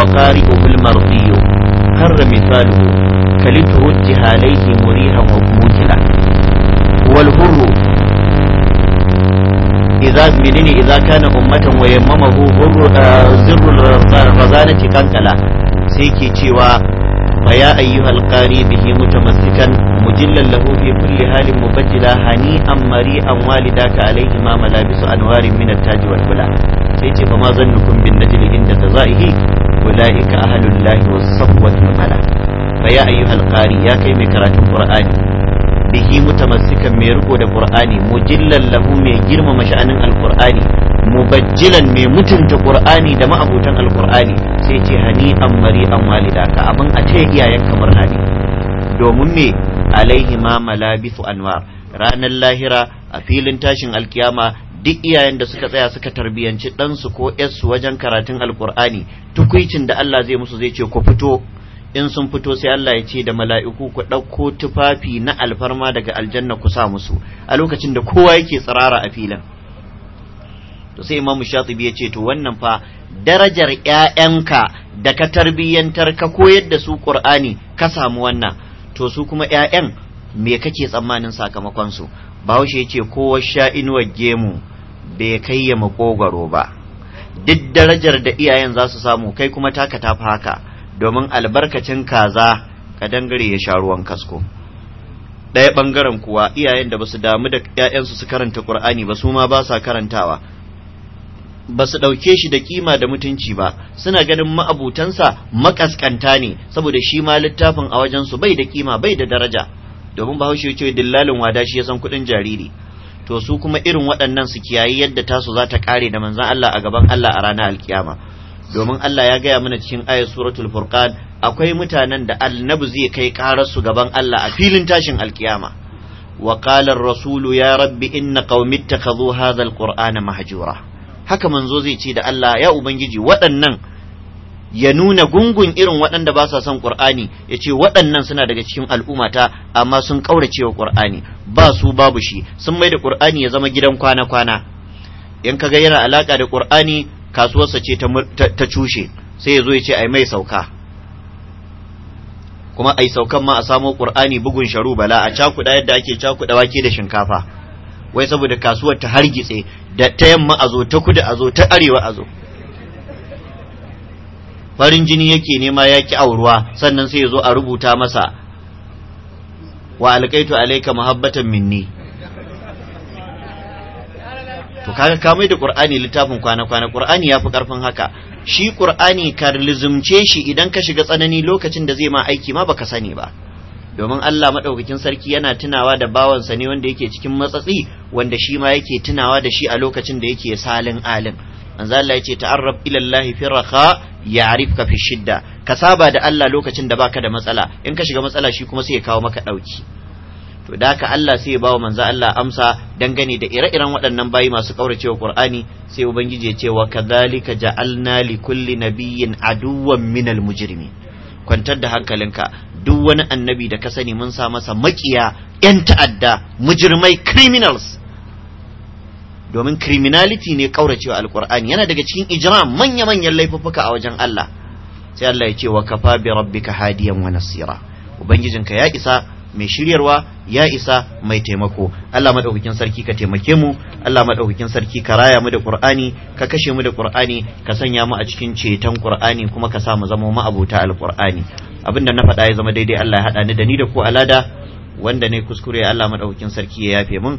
وقارئه المرضي هر مثاله كلترجه عليه مريحا وموجلا والهر إذا منني إذا كان أمة ويممه هر زر الرزانة كنكلا سيكي تيوا فيا أيها القاري به متمسكا مجلا له في كل حال مبجلا هنيئا مريئا والداك عليهما ملابس أنوار من التاج والبلاء سيتي فما ظنكم بالنجل عند تزائه أولئك أهل الله والصفوة الملا فيا أيها القاري يا كيم كرات القرآن به متمسكا ميركو دا قرآن مجلا له ميجرم مشأن القرآن مبجلا ميمتن دا قرآن دا ما أبوتن القرآن سيتي هنيئا مريئا والدا كأبن أتي إيا يكمر نادي دومن مي عليه ما ملابس أنوار ranar lahira a filin tashin alkiyama duk iyayen da suka tsaya suka tarbiyanci ɗansu ko su wajen karatun alkur'ani tukwicin da Allah zai musu zai ce ku fito in sun fito sai Allah ya ce da mala'iku ku ɗauko tufafi na alfarma daga aljanna ku sa musu a lokacin da kowa yake tsirara a filin to sai imamu shatibi ya ce to wannan fa darajar ƴaƴanka da ka tarbiyyantar ka koyar da su qur'ani ka samu wannan to su kuma ƴaƴan me kake tsammanin sakamakon su bahaushe ya ce kowa sha'inuwar gemu bai kai ya makogwaro ba duk darajar da iyayen za su samu kai kuma taka tafi haka domin albarkacin kaza ka dangare ya sha ruwan kasko ɗaya ɓangaren kuwa iyayen da ba su damu da ‘ya'yansu su karanta ƙur'ani ba su ma ba sa karantawa ba su ɗauke shi da kima da mutunci ba suna ganin ma'abutansa makaskanta ne saboda shi ma littafin a wajensu bai da kima bai da daraja domin bahaushe ya ce dillalin wada shi ya san kuɗin jariri to su kuma irin waɗannan su kiyayi yadda tasu za ta ƙare da manzan Allah a gaban Allah a ranar alkiyama domin Allah ya gaya mana cikin ayat suratul furqan akwai mutanen da annabi zai kai karar su gaban Allah a filin tashin alkiyama wa qala ar ya rabbi inna qaumi ittakhadhu hadha al-qur'ana mahjura haka manzo zai ce da Allah ya ubangiji waɗannan ya nuna gungun irin waɗanda ba sa son ƙur'ani ya ce waɗannan suna daga cikin al'ummata amma sun ƙaurace wa kur'ani ba su babu shi sun mai da ƙur'ani ya zama gidan kwana-kwana in ga yana alaka da ƙur'ani kasuwarsa ce ta cushe sai ya zo ya ce ai mai sauka kuma ai saukan ma a samo ƙur'ani bugun sharu bala a cakuɗa yadda ake cakuɗa wake da shinkafa wai saboda kasuwar ta hargitse da ta yamma a zo ta kudu a zo ta arewa a zo farin jini yake nema ya ki auruwa sannan sai ya zo a rubuta masa wa alkaitu alaika muhabbatan minni to kaga ka mai da qur'ani littafin kwana kwana qur'ani yafi karfin haka shi qur'ani ka shi idan ka shiga tsanani lokacin da zai ma aiki ma baka sani ba domin Allah madaukakin sarki yana tunawa da bawansa ne wanda yake cikin matsatsi wanda shi ma yake tunawa da shi a lokacin da yake salin alin manzo Allah ya ce ta'arrab ila Allah fi raha ya'rifka fi shidda ka saba da Allah lokacin da baka da matsala in ka shiga matsala shi kuma sai ya kawo maka dauki to da haka Allah sai ya bawa manzo Allah amsa dangane da ire-iren waɗannan bayi masu kauracewa Qur'ani sai ubangiji ya ce wa kadhalika ja'alna li kulli nabiyyin aduwwan minal mujrimin kwantar da hankalinka duk wani annabi da ka sani mun sa masa makiya 'yan ta'adda mujrimai criminals domin criminality ne kauracewa alkur'ani yana daga cikin ijra manya manyan laifuffuka a wajen Allah sai Allah ya ce wa kafa bi rabbika hadiyan wa nasira ubangijinka ya isa mai shiryarwa ya isa mai taimako Allah madaukakin sarki ka taimake mu Allah madaukakin sarki ka raya mu da Qur'ani ka kashe mu da Qur'ani ka sanya mu a cikin ceton Qur'ani kuma ka sa mu zama ma'abuta alqur'ani abinda na faɗa ya zama daidai Allah ya haɗa ni da ni da ku alada wanda ne kuskure Allah madaukakin sarki ya yafe mun